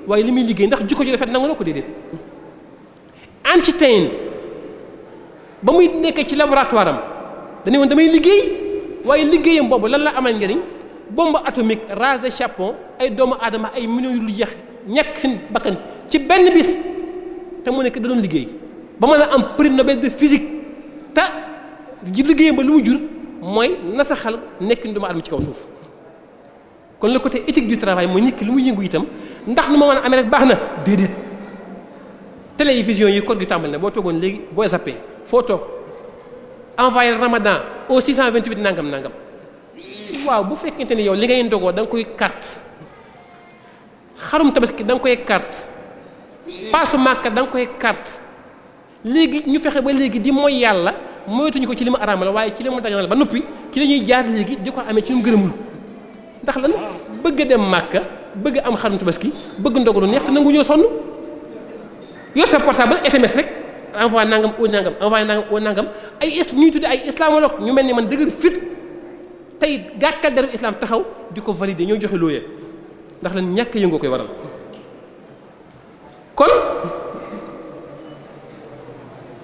waaye li muy liggéey ndax jikko ju rafet nangu na ko déedéet Einstein ba muy nekkee ci laboratoire am dañu woon damay liggéey waaye liggéeyam boobu lan la amal njariñ bombe atomique rasé chapon ay doomu aadama ay millions yu lu jeex ñàkk seen bakkan ci benn bis te mu nekk da liggéey ba mën a am prix Nobel de physique te ji liggéeyam ba lu mu jur mooy nasaxal nekkin doomu aadama ci kaw suuf kon le côté éthique du travail mu nit ki lu mu yëngu itam ndax nu ma mën a amee rek baax na déedéet télévision yi code gi tàmbali na boo toogoon léegi boo zappé foo toog envoyé ramadan au 628 nangam nangam waaw bu fekkente ni yow li ngay ndogoo da nga koy carte xarum tabaski da nga koy carte paasu màkka da nga koy carte léegi ñu fexe ba léegi di mooy yàlla moytuñu ko ci li mu araamal waaye ci li mu daganal ba noppi ci la ñuy jaar léegi di ko amee ci lu mu gërëmul ndax lan bëgg dem màkka bëgg am xarum tabaski bëgg ndogu lu neex te nangu ñoo sonn yor sa portable SMS rek envoyé nangam au nangam envoyé nangam au nangam ay is ñuy tuddee ay islamologue ñu mel ni man dëgër fit tey gàkkal deru islam taxaw di ko valider ñoo joxe looyee ndax lan ñàkk yëngoo koy waral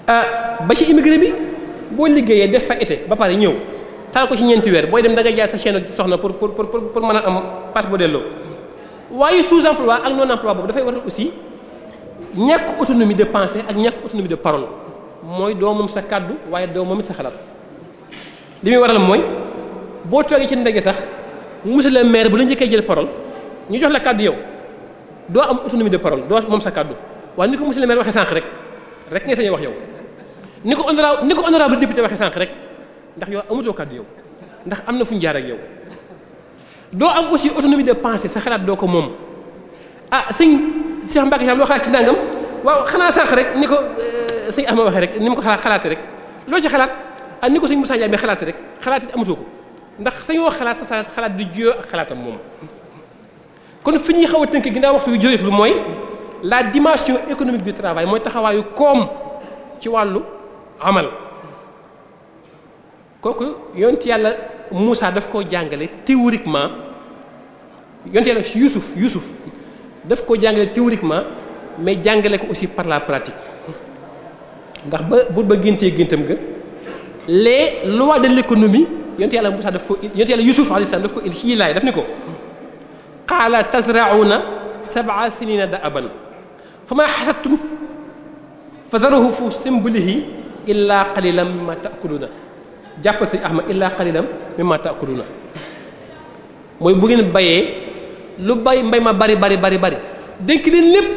Euh, ba ci immigré bi boo liggéeyee def fa été ba pare ñëw taal ko ci ñeenti weer booy dem da ngay jaay sa chaîne soxna pour pour pour pour mën a am passe boo delloo waaye sous emploi ak non emploi boobu dafay waral aussi ñekk autonomie de pensée ak ñàkk autonomie de parole mooy doo moom sa kàddu waaye doo moom sa xalaat li muy waral mooy boo toogee ci ndege sax monsieur le maire bu la njëkkee jël parole ñu jox la kàddu yow doo am autonomie de parole doo moom sa kàddu waaye ni ko monsieur le maire waxee sànq rek. rek ngay sañ wax yow ni ko honorable ni ko honorable député waxee sànq rek ndax yow amutoo kàddu yow ndax am na fu ñu jaar ak yow doo am aussi autonomie de pensée sa xalaat doo ko moom ah sëñ Cheikh Mbacke Thiam loo xalaat ci nangam waaw xanaa sànq rek ni ko euh, sëñ Ahma waxee rek ni mu ko xalaat xalaatee rek loo ci xalaat ah ni ko sëñ Moussa Ndiaye mi xalaatee rek xalaat it amutoo ko ndax sañoo xalaat sa xalaat xalaat di juyoo ak xalaatam moom kon fi ñuy xaw a tënk ginnaaw waxtu yu lu mooy. la dimension économique du travail mooy taxawaayu koom ci wàllu amal kooku yonent yàlla Moussa daf koo jàngale théoriquement yonent yàlla Youssouf Youssouf daf koo jàngale théoriquement mais jàngale ko aussi par la pratique ndax ba buur ba géntee géntam ga les lois de l'économie yonent yàlla Moussa daf ko yonent yàlla Youssouf alayhi salaam daf ko indi ci yilaay daf ni ko qaala tazrauna sab'a sinina da'aban fa maa xasattum fa daruhu fu simbulihi illaa qalilan mimma taakuluuna jàppal sëñ ahmad illaa qalilan mimma mooy bu ngeen bayee lu bay mbay ma bari bari bari bari dénk leen lépp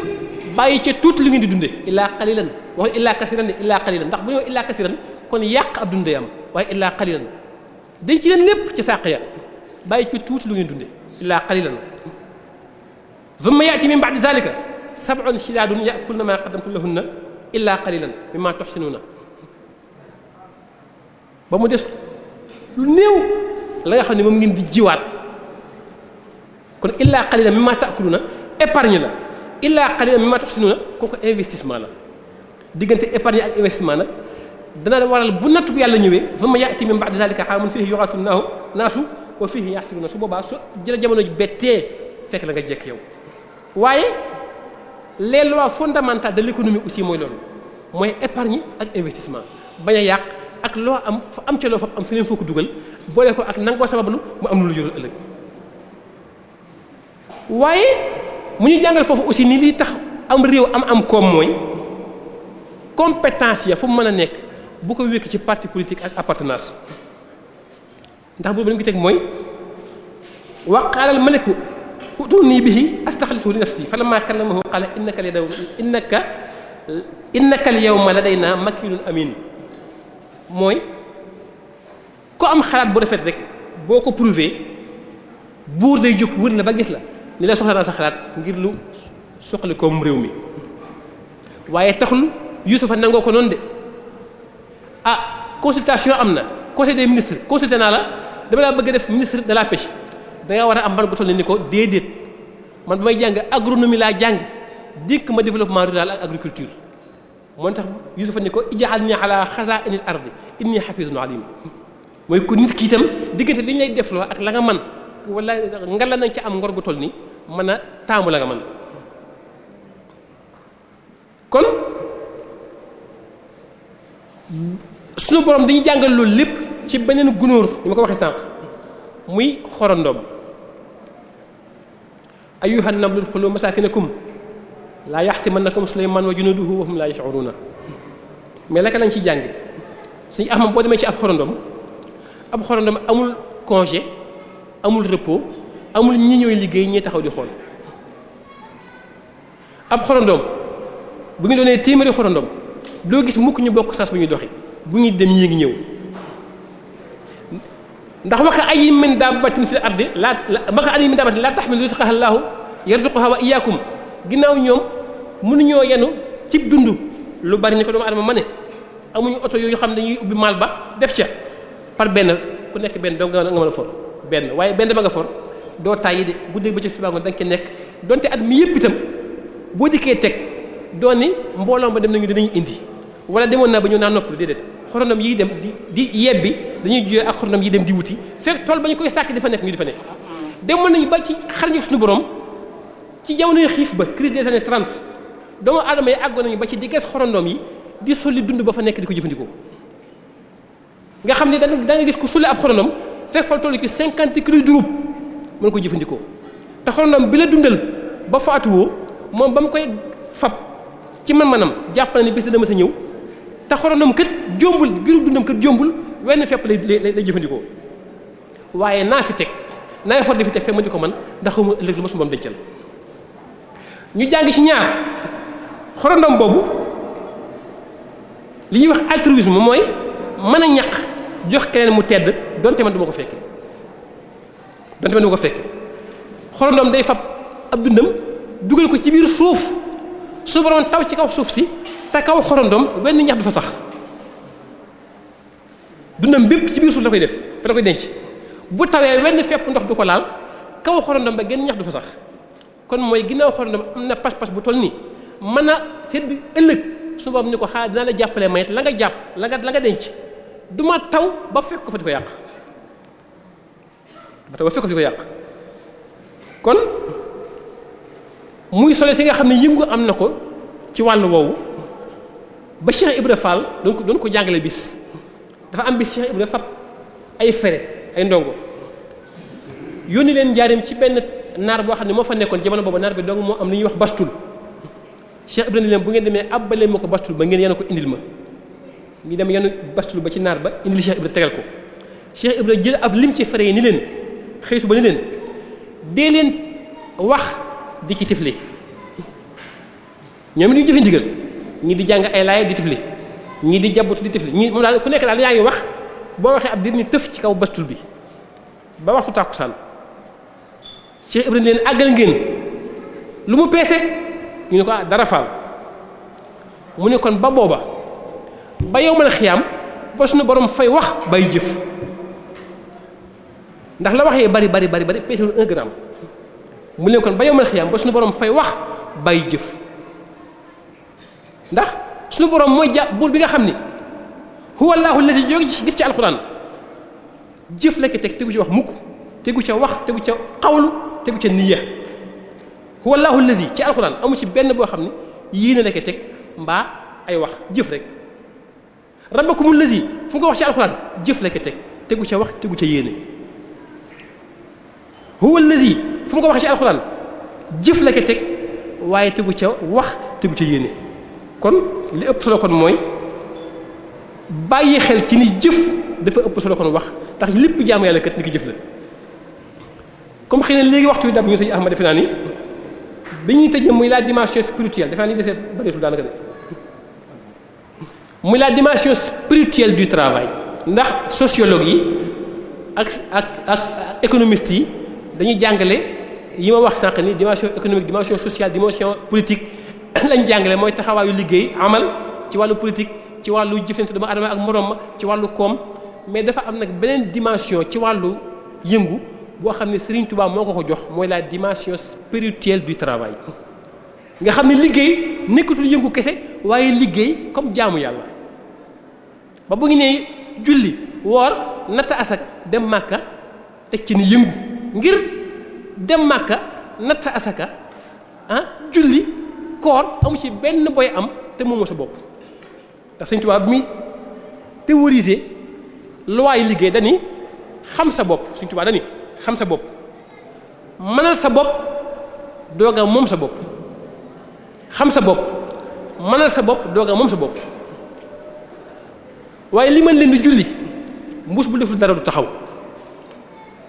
bàyyi ca tuuti li ngeen di dunde illaa qalilan wax illaa kasiran ne illaa qalilan ndax bu ñu wax illaa kasiran kon yàq ab dunde am waaye illaa qalilan dénk leen lépp ci sàq ya bàyyi ca tuuti lu ngeen dunde illaa qalilan thumma yaati min ba'di zalika sab'un shidaadun ya'kulna maa qaddamtu lahunna illaa qalilan mimmaa tuhsinuuna ba mu des lu néew la nga xam ne moom ngeen di jiwaat kon illaa qalilan mimmaa na épargne la illaa qalilan mimmaa tuhsinuuna kooku investissement la diggante épargne ak investissement nag dana waral bu natt bu yàlla ñëwee ma ya'ti min ba'di zaalika 'aamun fiihi yughaathu naasu wa fiihi ya'siruuna su boobaa su jëla jamono ji bettee fekk la nga jekk yow les lois fondamentales de l'économie aussi mooy loolu mooy épargne ak investissement bañ a yàq ak loo am am ca loo fab am fi leen foo dugal boole ko ak nangoo sabablu mu am lu yoral ëllëg waaye mu ñu jàngal foofu aussi ni lii tax am réew am am koom mooy compétence ya fu mu mën a nekk bu ko wékk ci parti politique ak appartenance ndax boobu lañ ko teg mooy waqaalal maliku utuni bihi astaxlisu li nafsi falamma kallamahu qala innaka la innaka innaka al yawma ladayna makinun amin mooy ku am xalaat bu rafet rek boo ko prouvé buur de jóg wër la ba gis la ni la soxla naa sa xalaat ngir lu soxla koom réew mi waaye taxul Yuusufa nangoo ko noonu de ah consultation am na conseil des ministres consulté naa la dama laa bëgg def ministre de la pêche da war a am man gu toll ni ko déedéet man ba may jàng agronomi laa jàng dikk ma développement rural ak agriculture moo tax Yusufa ni ko ij'alni ala xazaa'inil ardi inni noo alim mooy ko nit ki itam diggante li ñu lay defloo ak la nga man wala ngala nañ ci am ngor gu toll mën a taamu la nga man borom dañuy jàngal loolu lépp ci beneen gunóor li ma ko waxee sànq muy xorondoom ayyuhan namlu ne masakinakum laa yaxtimannakum Suleymaan wa junuuduhu wa hum laa yash'uruuna mais laka lañ ci jàngi suñu axmam boo demee ci ab xorondom ab xorondom amul congé amul repos amul ñi ñëwee liggéey ñi taxaw di xool ab xorondom bu ñu doonee téeméeri xorondom doo gis mukk ñu bokk sas bu ñuy doxi bu ñu dem yéeg ñëw ndax wa ka ayyin min daabbatin fil ardi laa wa ka ayyin min daabbatin laa tahmilu rizqaha Allahu yarzuquha wa iyyakum ginnaaw ñoom mënuñoo yenu cib dund lu bari ni ko doomu adama ma ne amuñu oto yooyu xam ne dañuy ubbi maal ba def ca par benn ku nekk benn doo nga mën a for benn waaye benn ma nga for doo tàyyi de guddeeg bëccëg subaa ngoon da nga nekk donte at mi yëpp itam boo dikkee teg doon ni mbooloo ba dem nañu dinañu indi wala demoon naa ba ñu naa nopplu déedéet xorondom yiy dem di di yebbi dañuy jiyee ak xorondom yi dem di wuti fekk tool ba ñu koy sàkk dafa nekk ñu di fa nekk demoon ba ci xarñu suñu borom ci jamonoy xiif ba crise des années 30 doomu aadama yi àggoon ba ci di ges xorondom yi di solli dund ba fa nekk di ko jëfandikoo nga xam ne da nga gis ku sulli ab xorondom fekk fa toll ci 50 kilos durub mën ko jëfandikoo te xorondom bi dundal ba faatuwoo moom ba mu koy fab ci man-manam jàpp na ni bés dama sa ñëw te xorondom kat jombul gënu dundam kat jombul wenn fepp lay lay lay jëfandikoo waaye naa fi teg naa for di fi teg fekk ma di ko man ndax ma ëllëg lu ma sumbam dencal ñu ci ñaar xorondom boobu li ñuy wax altruisme mooy mën a ñaq jox keneen mu tedd donte man du ko fekke donte man du ko fekkee xorondom day fab ab dundam dugal ko ci biir suuf. su borom taw ci kaw suuf si te kaw xorondom benn ñax du fa sax dundam bépp ci biir suuf la koy def fa la koy denc bu tawee wenn fepp ndox du ko laal kaw xorondom ba genn ñax du fa sax kon mooy ginnaaw xorondom am na pas-pas bu toll nii mën a sedd ëllëg su borom ni ko xaar dinaa la jàppalee mayit la nga jàpp la nga la nga denc du ma taw ba fekk ko fa di fekk ko ko yàq kon muy solo si nga xam ne yëngu am na ko ci wàllu woowu ba Cheikh Ibra Fall doon ko doon ko jàngale bis dafa am bis Cheikh Ibra fab ay fere ay ndongo yónni leen njaarim ci benn naar boo xam ne moo fa nekkoon jamono boobu naar bi dong moo am lu ñuy wax bastul Cheikh Ibra ni leen bu ngeen demee abbalee ma ko bastul ba ngeen yenu ko indil ma ñu dem yenu bastul ba ci naar ba indil Cheikh Ibra tegal ko Cheikh Ibra jël ab lim ci fere yi ni leen xëy ba ni leen leen wax di ci tifli ñoom it ñu jëfe ndigal ñi di jàng ay laay di tifli ñii di jabutu di tifli ñi moom daal ku nekk daal yaa ngi wax boo waxee ab dir ni tëf ci kaw bastul bi ba waxtu tàkkusaan Cheikh Ibrahima leen àggal ngeen lu mu peese ñu ne ko ah, dara faal mu ne kon ba booba ba yow yowmal xiyaam ba suñu borom fay wax bay jëf ndax la waxee bari bari bari bari peese lu gramme mu leen kon ba yowmal xiyaam ba suñu borom fay wax bàyyi jëf ndax suñu borom mooy ja buur bi nga xam ni huwa llaahu lazi jóge ci gis ci alxuraan jëf la teg tegu ci wax mukk tegu ca wax tegu ca xawlu tegu ca niya huwa llaahu lazi ci alxuraan amu ci benn boo xam ne yéene la teg mbaa ay wax jëf rek mu lazi fu nga wax ci alxuraan jëf la teg tegu ca wax tegu ca yéene. huwa allazi fu mu ko wax ci alxuraan jëf la ko waaye tegu ca wax tegu ca yéene kon li ëpp solo kon mooy bàyyi xel ci ni jëf dafa ëpp solo kon wax ndax lépp jaamu yàlla kat ni ki jëf la comme xëy na léegi waxtu wi dab ñu sëñ Ahmad defe naa ni bi ñuy tëjee muy la dimension spirituelle defe naa ni desee bëreetul daanaka de muy la dimension spirituelle du travail ndax sociologue yi ak ak ak économiste yi dañuy jàngale yi ma wax sànq ni dimension économique dimension sociale dimension politique lañ jàngale mooy taxawaayu liggéey amal ci wàllu politique ci wàllu jëflante dama adama ak morom ma ci wàllu koom mais dafa am nag beneen dimension ci wàllu yëngu boo xam ne Serigne Touba moo ko ko jox mooy la dimension spirituelle du travail nga xam ne liggéey nekkatul yëngu kese waaye liggéey comme jaamu yàlla ba bu ngi ne julli woor natta asak dem màkka teg ci ni yëngu ngir dem màkka natt asaka ah julli koor amu ci benn boy am te moomoo sa bopp ndax Sëñ Tuubaa bi muy théoriser loi yi liggéey dani xam sa bopp Sëñ Tuubaa dani xam sa bopp mënal sa bopp dooga moom sa bopp xam sa bopp mënal sa bopp dooga moom sa bopp waaye li man leen di julli mbuus bu deful dara du taxaw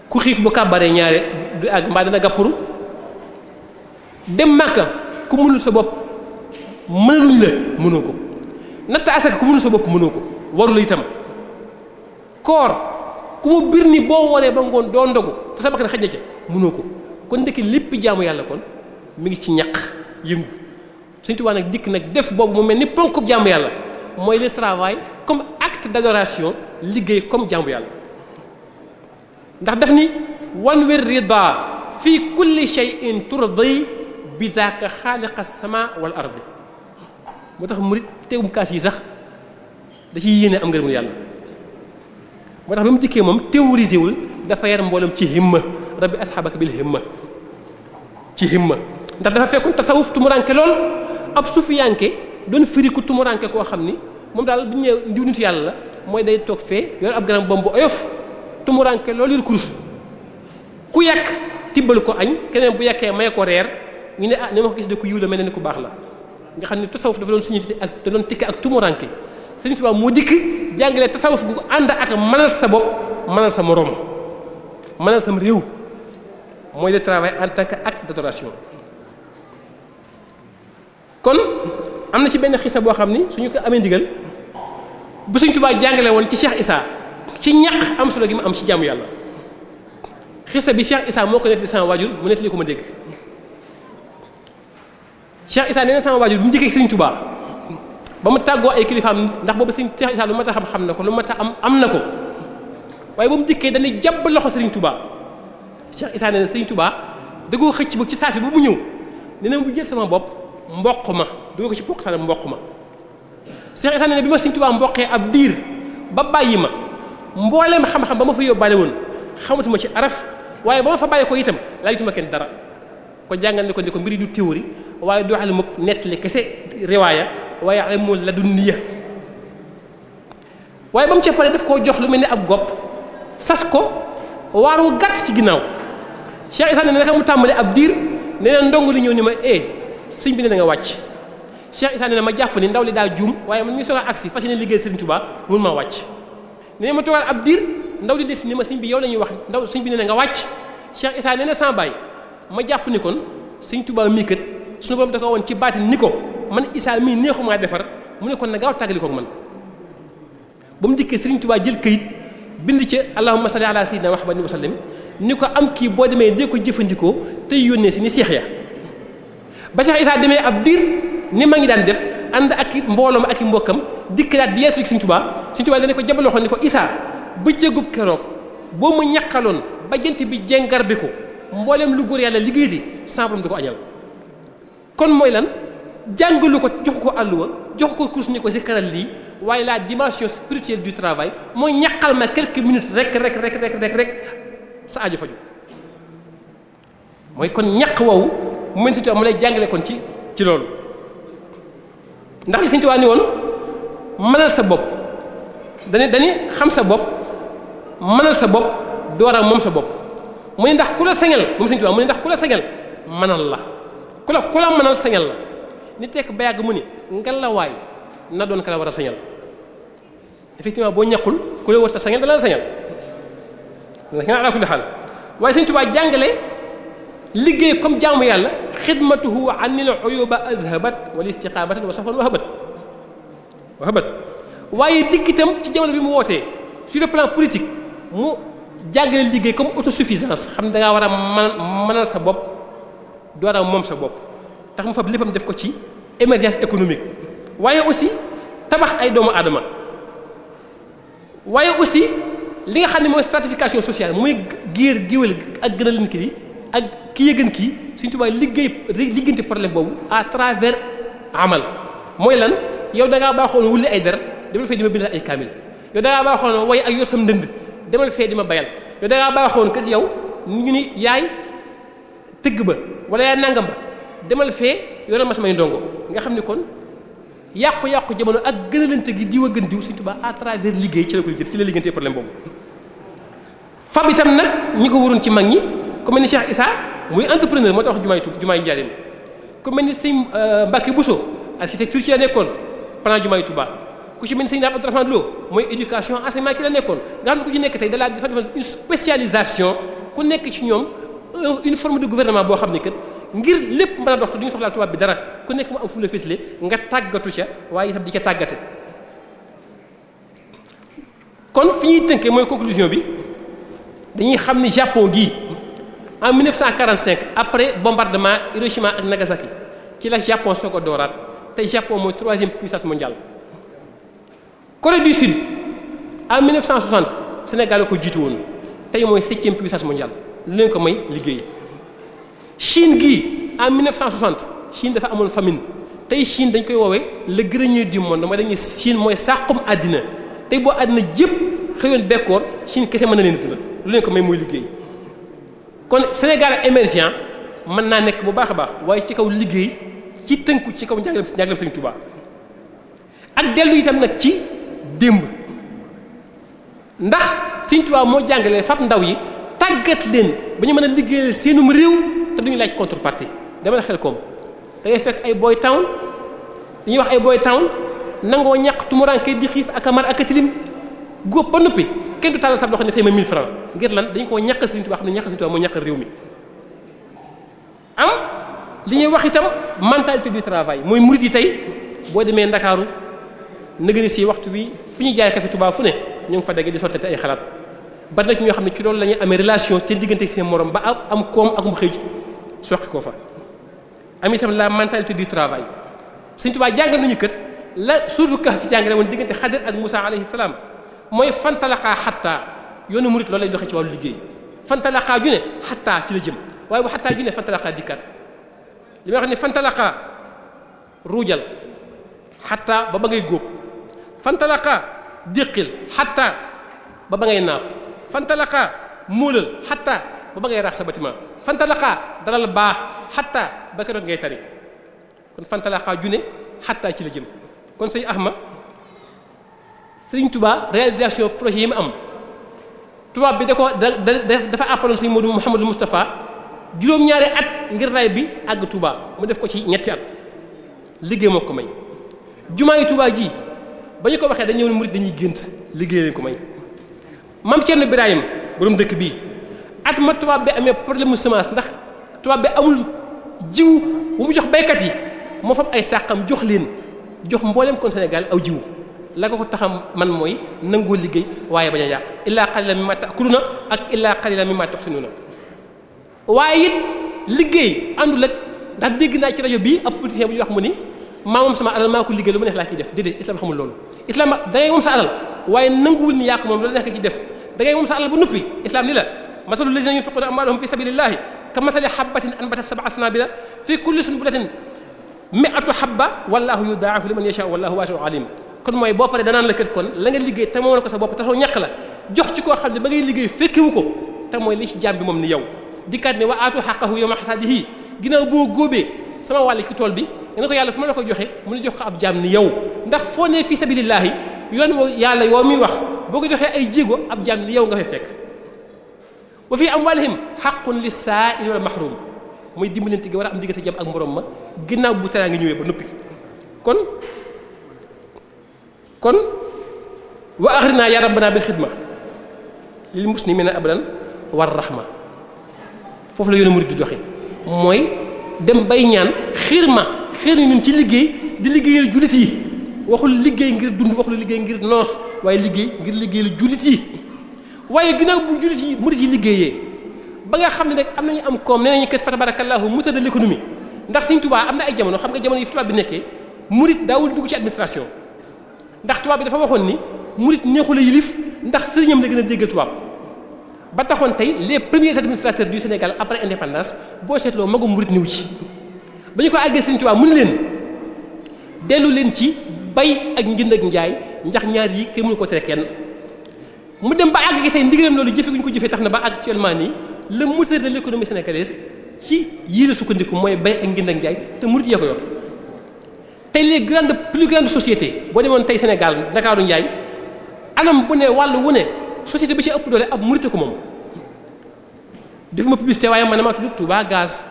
ku xiif bu kàbbaree ñaare du àgg mbaa dana gàppuru dem màkka ku mënul sa bopp mënaluñ la mënoo ko natt asaka ku mënul sa bopp mënoo ko waru la itam koor ku mu bir ni boo waree ba ngoon doo ndogu te sa bakkan xaj na ca mënoo ko kon ndekki lépp jaamu yàlla kon mu ngi ci ñaq yëngu Sëñ Tuubaa nag dikk nag def boobu mu mel ni ponk jaamu yàlla mooy le travail comme acte d'adoration liggéey comme jaamu yàlla ndax daf ni wan wir rida fi kulli shay'in turdi bi zaaka xaaliqa sama wal ardi moo tax murit teewum kaas yi sax da ciy yéene am ngërëmu yàlla moo tax ba mu dikkee moom théorisé wul dafa yar mboolem ci himma rabbi asxaabaka bil himma ci himma ndax dafa fekkoon tasawuf tumuranke lool ab sufiyanke doon firi tumuranke koo xam ni moom daal bu ñu ñëwee ndiw nitu yàlla la mooy day toog fee yor ab garam bomb oyof tumuranke loolu yor kurus ku yàq tibbal ko añ keneen bu yàkkee may ko reer ñu ne ah ni ma ko gis de ku yiw la mel ne ni ku baax na nga xam ne tasawuf dafa doon suñu ak da doon tikki ak tumuranke Sëriñ Tuubaa moo dikk jàngalee tasawuf gu ànd ak mënal sa bopp mënal sa moroom mënal sam réew mooy le travail en tant que acte d'adoration kon am na ci benn xisa boo xam ni suñu ko amee ndigal bu Sëriñ Tuubaa jàngale woon ci Cheikh Issa ci ñaq am solo gi ma am ci jaamu yàlla xisa bi Cheikh Issa moo ko nettali sama waajur mu nettali ko ma dégg Cheikh Issa nee na sama tubaa bu ba mu tàggoo ay kilifaam ndax boobu Serigne Cheikh Issa lu xam xam na ko lu ma tax am am na ko waaye ba mu dikkee dañuy jàpp loxo Serigne Touba Cheikh Issa da koo xëcc ba ci saa si ba mu ñëw nee na jël sama bopp mboq ma dugal ko ci poq saana mboq ma Cheikh Issa nee na bi ma Serigne Touba mboqee ab diir ba bàyyi ma. mbooleem xam-xam ba ma fa yóbbaale woon xamatuma ci araf waaye ba ma fa bàyyi ko itam laajutuma kenn dara ko jàngal ne ko ne ko mbiri du théorie waaye doxali mu nettali kese riwaaya waaye ilmu ladunniya waaye ba mu ca pare daf koo jox lu mel ni ab gopp sas ko waar wu gàtt ci ginnaaw Cheikh Issa ne naka mu tàmbali ab diir nee na ndongo li ñëw ni ma eh sëñ bi ne na nga wàcc Cheikh Issa ne ma jàpp ni ndaw li daa juum waaye man mi soog a agsi fas yéene liggéey Sëriñ Tuubaa mun maa wàcc nee ma toogaat ab diir ndaw di des ni ma sëñ bi yow la ñuy wax ndaw sëñ bi nee na nga wàcc Cheikh Issa nee na sans bàyyi ma jàpp ni kon sëñ Tuubaa mii kat suñu borom da ko woon ci baatin ni ko man Issa mii neexumaa defar mu ne kon na gaaw tàggali koog man ba mu dikkee sëriñ Tuubaa jël këyit bind ci allahumma salli ala sayyidina Muhammadin wa sallim ni ko am kii boo demee dee ko jëfandikoo tey yónnee si ni seex ya ba Cheikh Issa demee ab diir ni ma ngi daan def ànd ak mbooloom ak i mbokkam dikkaat di siñ Sëriñ Tuubaa Sëriñ Tuubaa dana ko jàpp loxo ni ko Isaa bëccëgub keroog boo ma ñaqaloon ba jant bi jengar bi ko mboolem lu góor yàlla liggéey si sembrom di ko añal kon mooy lan jàngalu ko jox ko àlluwa jox ko kurus ni ko si karal lii waaye la dimension spirituelle du travail mooy ñaqal ma quelques minutes rek rek rek rek rek rek sa aajo faju mooy kon ñaq woowu mu mel ni mu lay jàngale kon ci ci loolu ndax li Sëriñ Tuubaa ni woon mënal sa bopp dañu dañu xam sa bopp mënal sa bopp door moom sa bopp mu ne ndax ku la sañal moom Sëriñ Tuubaa mu ne ndax ku la sañal mënal la ku la ku la mënal sañal la ni tekk ba yàgg mu ni ngalawaay na doon ka la war a sañal effectivement boo ñàkkul ku la war a sañal dana la sañal dana la ala kulli xaal waaye Sëriñ Tuubaa jàngale liggéey comme jaamu yàlla xidmatuhu anil uyuba azhabat wal istiqamatan wa safan wa habat habat waaye dikk itam ci jamono bi mu wootee sur le plan politique mu jàngale liggéey comme autosuffisance xam ne da war a mën mënal sa bopp door moom sa bopp tax mu fab léppam def ko ci émergence économique waaye aussi tabax ay doomu aadama waaye aussi li nga xam ne mooy stratification sociale muy géer géwél ak gën a leen ki di ak ki yëgën kii suñ tubaab liggéey liggéeyante problème boobu à travers amal mooy lan yow da ngaa baaxoon wulli ay deret demal fee di ma ay kaamil yow da ngaa baaxoon yor sam ndënd demal fee di ma bayal yow da ngaa baaxoon kat yow ñu ni yaay tëgg ba wala yaay nangam ba demal fee yore ma samay ndongo nga xam ni kon yàqu-yàqu jamono ak gënalante gi diw a gën diw Sëriñ Tuubaa à travers liggéey ci la koy jël ci la liggéeyantee problème boobu fab itam nag ñi ko waroon ci mag ñi ku mel ni Cheikh Issa muy entrepreneur moo tax jumaay tub jumaay njaareem ku mel ni sëñ euh, Mbacke Bousso architecture ci la nekkoon plan jumaay Touba ku ci mel sëñ Daam Abdourahmane Lo mooy éducation enseignement ki la nekkoon nga xam ne ku ci nekk tey dalaa dafa defal une spécialisation ku nekk ci ñoom euh, une forme de gouvernement boo xam ne kat ngir lépp mën a dox te ñu soxlaa tubaab bi dara ku nekk mu am fu mu la féetale nga tàggatu ca waaye itam di ca tàggate kon fi ñuy tënkee mooy conclusion bi dañuy xam ni Japon gii en 1945 après bombardement Hiroshima ak Nagasaki ci la Japon soo ko tey Japon mooy troisième puissance mondiale. Corée du Sud en 1960 Sénégal la ko jiitu woon tey mooy septième puissance mondiale lu leen ko may liggéey Chine gi en 1960 Chine dafa amoon famine tey Chine dañ koy woowee le grenier du monde mooy dañuy Chine mooy sàqum àddina tey boo àddina jëpp xëyoon bekkoor Chine kese mën na leen dundal lu leen ko may mooy liggéey kon Sénégal émergent mën naa nekk bu baax a baax waaye ci kaw liggéey. ci tënku ci kaw njàngaleem njàngaleem Sëriñ Tuubaa ak dellu itam nag ci démb ndax Sëriñ Tuubaa moo jàngalee fab ndaw yi tàggat leen ba ñu mën a liggéeyal seenum réew te duñu laaj contrepartie dama la xel koom da fekk ay boy town dañuy wax ay boy town nangoo ñàq tumuraanke di xiif ak amar ak tilim góob ba noppi kenn du tàllal sab loo xam ne fay ma 1000 francs ngir lan dañ koo ñàqal Sëriñ Tuubaa xam ne ñàqal Sëriñ Tuubaa moo ñàqal réew mi li ñuy wax itam mentalité du travail mooy murid yi tey boo demee ndakaaru nëgëni si waxtu wi fu ñu jaay café Touba fu ne ñu ngi fa dege di sottante ay xalaat bari na ci ñoo xam ne ci loolu la ñuy amee relation seen diggante ak seen morom ba am koom akum xëy soqi ko fa am itam la mentalité du travail Sëriñ Touba nañu kët la suuratu Kahf jàngale woon diggante Xadir ak Moussa alayhi salaam mooy fantalaqaa xattaa yoonu murid loolu lay doxe ci wàllu liggéey fantalaqaa ju ne xattaa ci la jëm waaye bu xattaa ju ne fantalaqaa dikkaat li may wax ni fantalaqaa ruujal xatta ba ba ngay góob fantalaqaa déqil xatta ba ba ngay naaf fantalaqaa muulal xatta ba ba ngay raax sa bâtiment baax xatta ba keroog ngay tari kon fantalaqaa june xatta ci la jëm kon sëñ Ahma sëñ Touba réalisation projet yi mu am tubaab bi da ko da dafa àppaloon sëñ Modou juróom-ñaari at ngir raay bi àgg Touba mu def ko ci ñetti at liggéey moo ko may jumaa yi Touba ji ba ñu ko waxee dañu mu murid dañuy gént liggéey ko may mam Thierno Birahim borom dëkk bi at ma tubaab bi amee problème mu semence ndax tubaab bi amul jiwu bu mu jox baykat yi moo fam ay sàqam jox leen jox mbooleem kon Sénégal aw jiwu la ko ko taxam man mooy nangoo liggéey waaye bañ a yàq illaa qalila mimma na ak illaa qalila mimma tuhsinuna waaye it liggéey àndul ak ndax dégg naa ci rajo bii ab politicien bu ñuy wax mu ni maa moom sama alal maa ko liggéey lu ma neex laa ciy def déedéet islam xamul loolu islam da moom sa alal waaye nanguwul ni yaa moom lu neex nga ciy def da ngay moom sa alal ba noppi islam ni la masalu lazina yunfiquna amwalahum fi sabilillahi ka masali habatin anbatat sab'a sanabila fi kulli sunbulatin mi'atu habba wallahu yudaafu liman yasha wallahu wasi'un alim kon mooy boo paree danaan la kër kon la te moom la ko sa bopp te soo liggéey fekkewu ko te mooy li ci jaam bi moom ni yow dikkaat ne wa aatu xaqahu yawma xasaadihi ginnaaw boo góobee sama wàll ci tool bi dana ko yàlla fu ma la ko joxe mu ne jox ko ab jaam ni yow ndax foo ne fii sabilillahi yoon woo yàlla yow mi wax boo ko joxee ay jéego ab jaam ni yow nga fay fekk wa fi am amwalihim xaqun li saa'ili wal mahrum mooy dimbalante gi war a am diggante jàmm ak moroom ma ginnaaw bu taraa ngi ñëwee ba noppi kon kon wa axrinaa yaa rabbanaa bil xidma lil muslimina abadan war rahma foofu la yoonu murid di doxe mooy dem bay ñaan xiir ma xiir ni ñun ci liggéey di liggéeyal jullit yi waxul liggéey ngir dund waxul liggéey ngir noos waaye liggéey ngir liggéeyal jullit yi waaye ginnaaw bu jullit yi murid yi liggéeyee ba nga xam ne nag am nañu am koom nee nañu kat fa tabarakallahu muta de l'économie ndax Sëriñ Tuubaa am na ay jamono xam nga jamono yi fi tubaab bi nekkee murid daawul dugg ci administration ndax tubaab bi dafa waxoon ni murid neexula yilif ndax sëriñam la gën a déggal ba taxoon tey les premiers administrateurs du Sénégal après indépendance boo seetloo magum murit niw ci ba ñu ko àggee Sëriñ Tuubaa mu ne leen dellu leen ci bay ak njënd ak njaay ndax ñaar yi kenn mënu ko tere kenn mu dem ba àgg gi tey ndigalam loolu jëfe gu ñu ko jëfee tax na ba actuellement nii le moteur de l'économie sénégalaise ci yii la sukkandiku mooy bay ak njënd ak njaay te murit yee ko yor tey les grandes plus grandes société boo demoon tey Sénégal Ndakaaru Njaay anam bu ne wàllu wu ne société bi ci ëpp doole ab murite ko moom defu ma publicité waaye man maa tudd Touba gaz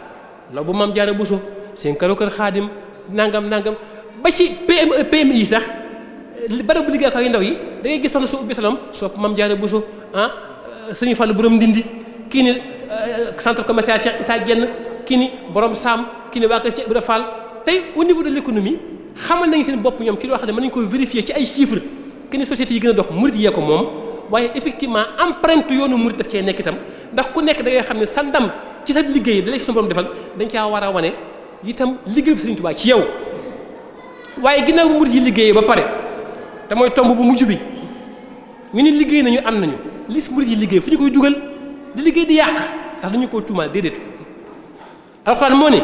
bu maam jaara boso seen karo kër xaadim nangam nangam ba ci PME PMI sax barabu liggéey ak ay ndaw yi da ngay gis sax na soo ubbi salom soo maam jaare boso ah euh, suñu fàllu borom ndindi kii ni euh, centre commercial Cheikh Issa Diène kii ni borom saam kii ni waa kër Cheikh Ibra Fall tey au niveau de l'économie xamal nañ seen bopp ñoom ci loo xam ne mën nañu ko vérifier ci ay chiffres que ni sociétés yi a dox murit yee ko moom waaye effectivement empreinte yoonu murid daf cee nekk itam ndax ku nekk dangay xam ne sa ndam ci sa liggéey bi la ci sa borom defal dañ caa war a wane itam liggéey bi Sëriñ Tuubaa ci yow waaye ginnaaw bu murid yi liggéeyee ba pare te mooy tomb bu mujj bi ñu ni liggéey nañu am nañu li murid yi liggéey fu ñu koy dugal di liggéey di yàq ndax dañu koo tuumaal déedéet alxuraan moo ne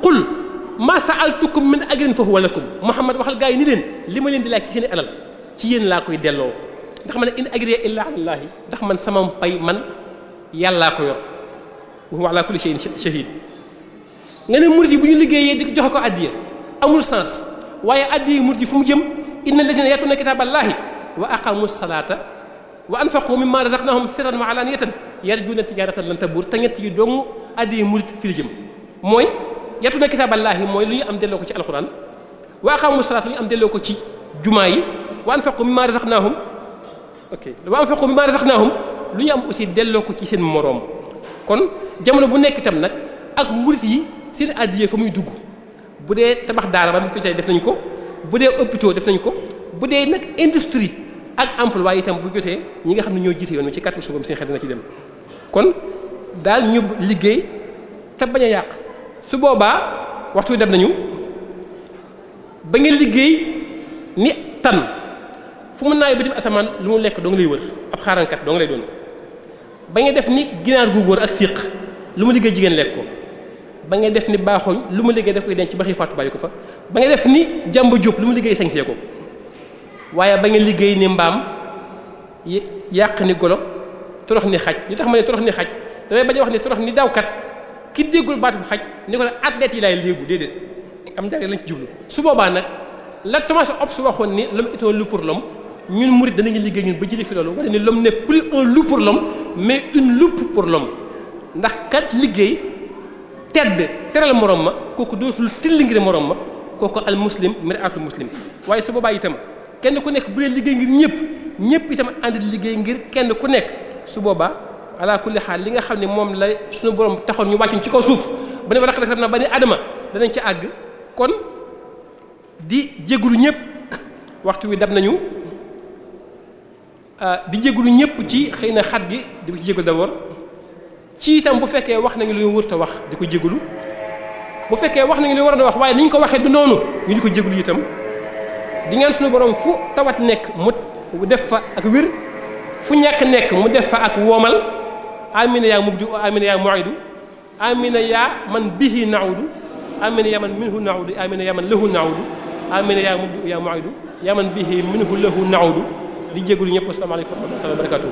qul ma sa'altukum min ajrin fa huwa lakum Muhammad waxal gaa yi ni leen li ma leen di laaj seen alal ci yéen laa koy delloo ndax man in agriya illa alallaahi ndax man sama pay man yàllaa ko yor wa huwa ala kulli shay'in yi bu ñu liggéeyee di joxe ko addiya amul sens waaye addiya murid yi fu mu jëm inna allazina yatuna kitaaballaahi wa aqamu salata wa anfaqu mimma razaqnahum sirran wa alaniyatan yarjuna tijaratan lan tabur te ñett yi dong addiya murid fi la jëm mooy yatuna kitaaballaahi mooy lu ñu am delloo ko ci alquran wa aqamu salata lu ñu am delloo ko ci jumaa yi wa anfaqu naa razaqnahum ok wa sax mimmaa razaqnaahum lu ñu am aussi delloo ko ci seen moroom kon jamono bu nekk itam nag ak murit yi seen addiya fa muy dugg bu dee tabax daara ba mu ko tey def nañu ko bu dee hôpitaux def nañu ko bu dee nag industrie ak emploi itam bu jotee ñi nga xam ne ñoo jiite yoon ci quatre suba seen xel na ci dem kon daal ñu liggéey te bañ a yàq su boobaa waxtu dem nañu ba nga liggéey ni tan fu mu naaw bitim asamaan lu mu lekk doo nga lay wër ab xaarankat doo nga lay doon ba nga def ni ginaar gu góor ak siq lu mu liggéey jigéen lekk ko ba nga def ni baaxoñ lu mu liggéey daf koy denc ba xëy fàttu bàyyi ko fa ba nga def ni jàmba jóob lu mu liggéey sañsee ko waaye ba nga liggéey ni mbaam yàq ni golo torox ni xaj li tax ma ne torox ni xaj damay bañ wax ni torox ni dawkat ki déggul baatu xaj ni ko la yi laay léegu déedéet am njàng lañ ci jublu su boobaa nag la Thomas su waxoon ni l'homme est un loup pour l'homme ñun murit danañu liggéey ñun ba jëlee fi loolu wane ni l'homme n'est plus un loup pour l'homme mais une loupe pour l'homme ndax kat liggéey tedd teral morom ma kooku dootul tilli ngir morom ma kooku al muslim mir'atul muslim waaye su boobaa itam kenn ku nekk bu dee liggéey ngir ñëpp ñëpp itam ànd liggéey ngir kenn ku nekk su booba ala kulli xaal li nga xam ne moom lay suñu borom taxoon ñu wàccoon ci kaw suuf ba ne wala xarit na ba ni adama danañ ci àgg kon di jégalu ñëpp waxtu wi dab nañu. Euh, di jégalu ñépp ci xëy na xat gi di ko ci jégalu d'abord ci itam bu fekkee wax nañu lu ñu warut wax di ko jégalu bu fekkee wax nañu lu ñu waroon a wax waaye li ñu ko waxee du noonu ñu di ko jégalu itam di ñaan suñu boroom fu tawat nekk mu def fa ak wir fu ñàkk nekk mu def fa ak woomal amina yaa mubdi amina yaa muidu amina yaa man bihi naudu amina yaa man minhu naudu amina yaa man lahu naudu amina yaa mubdi yaa muidu yaa man bihi minhu lahu naudu di jégalu ñëpp asalaamaaleykum wa rahmatulah wa barakatuh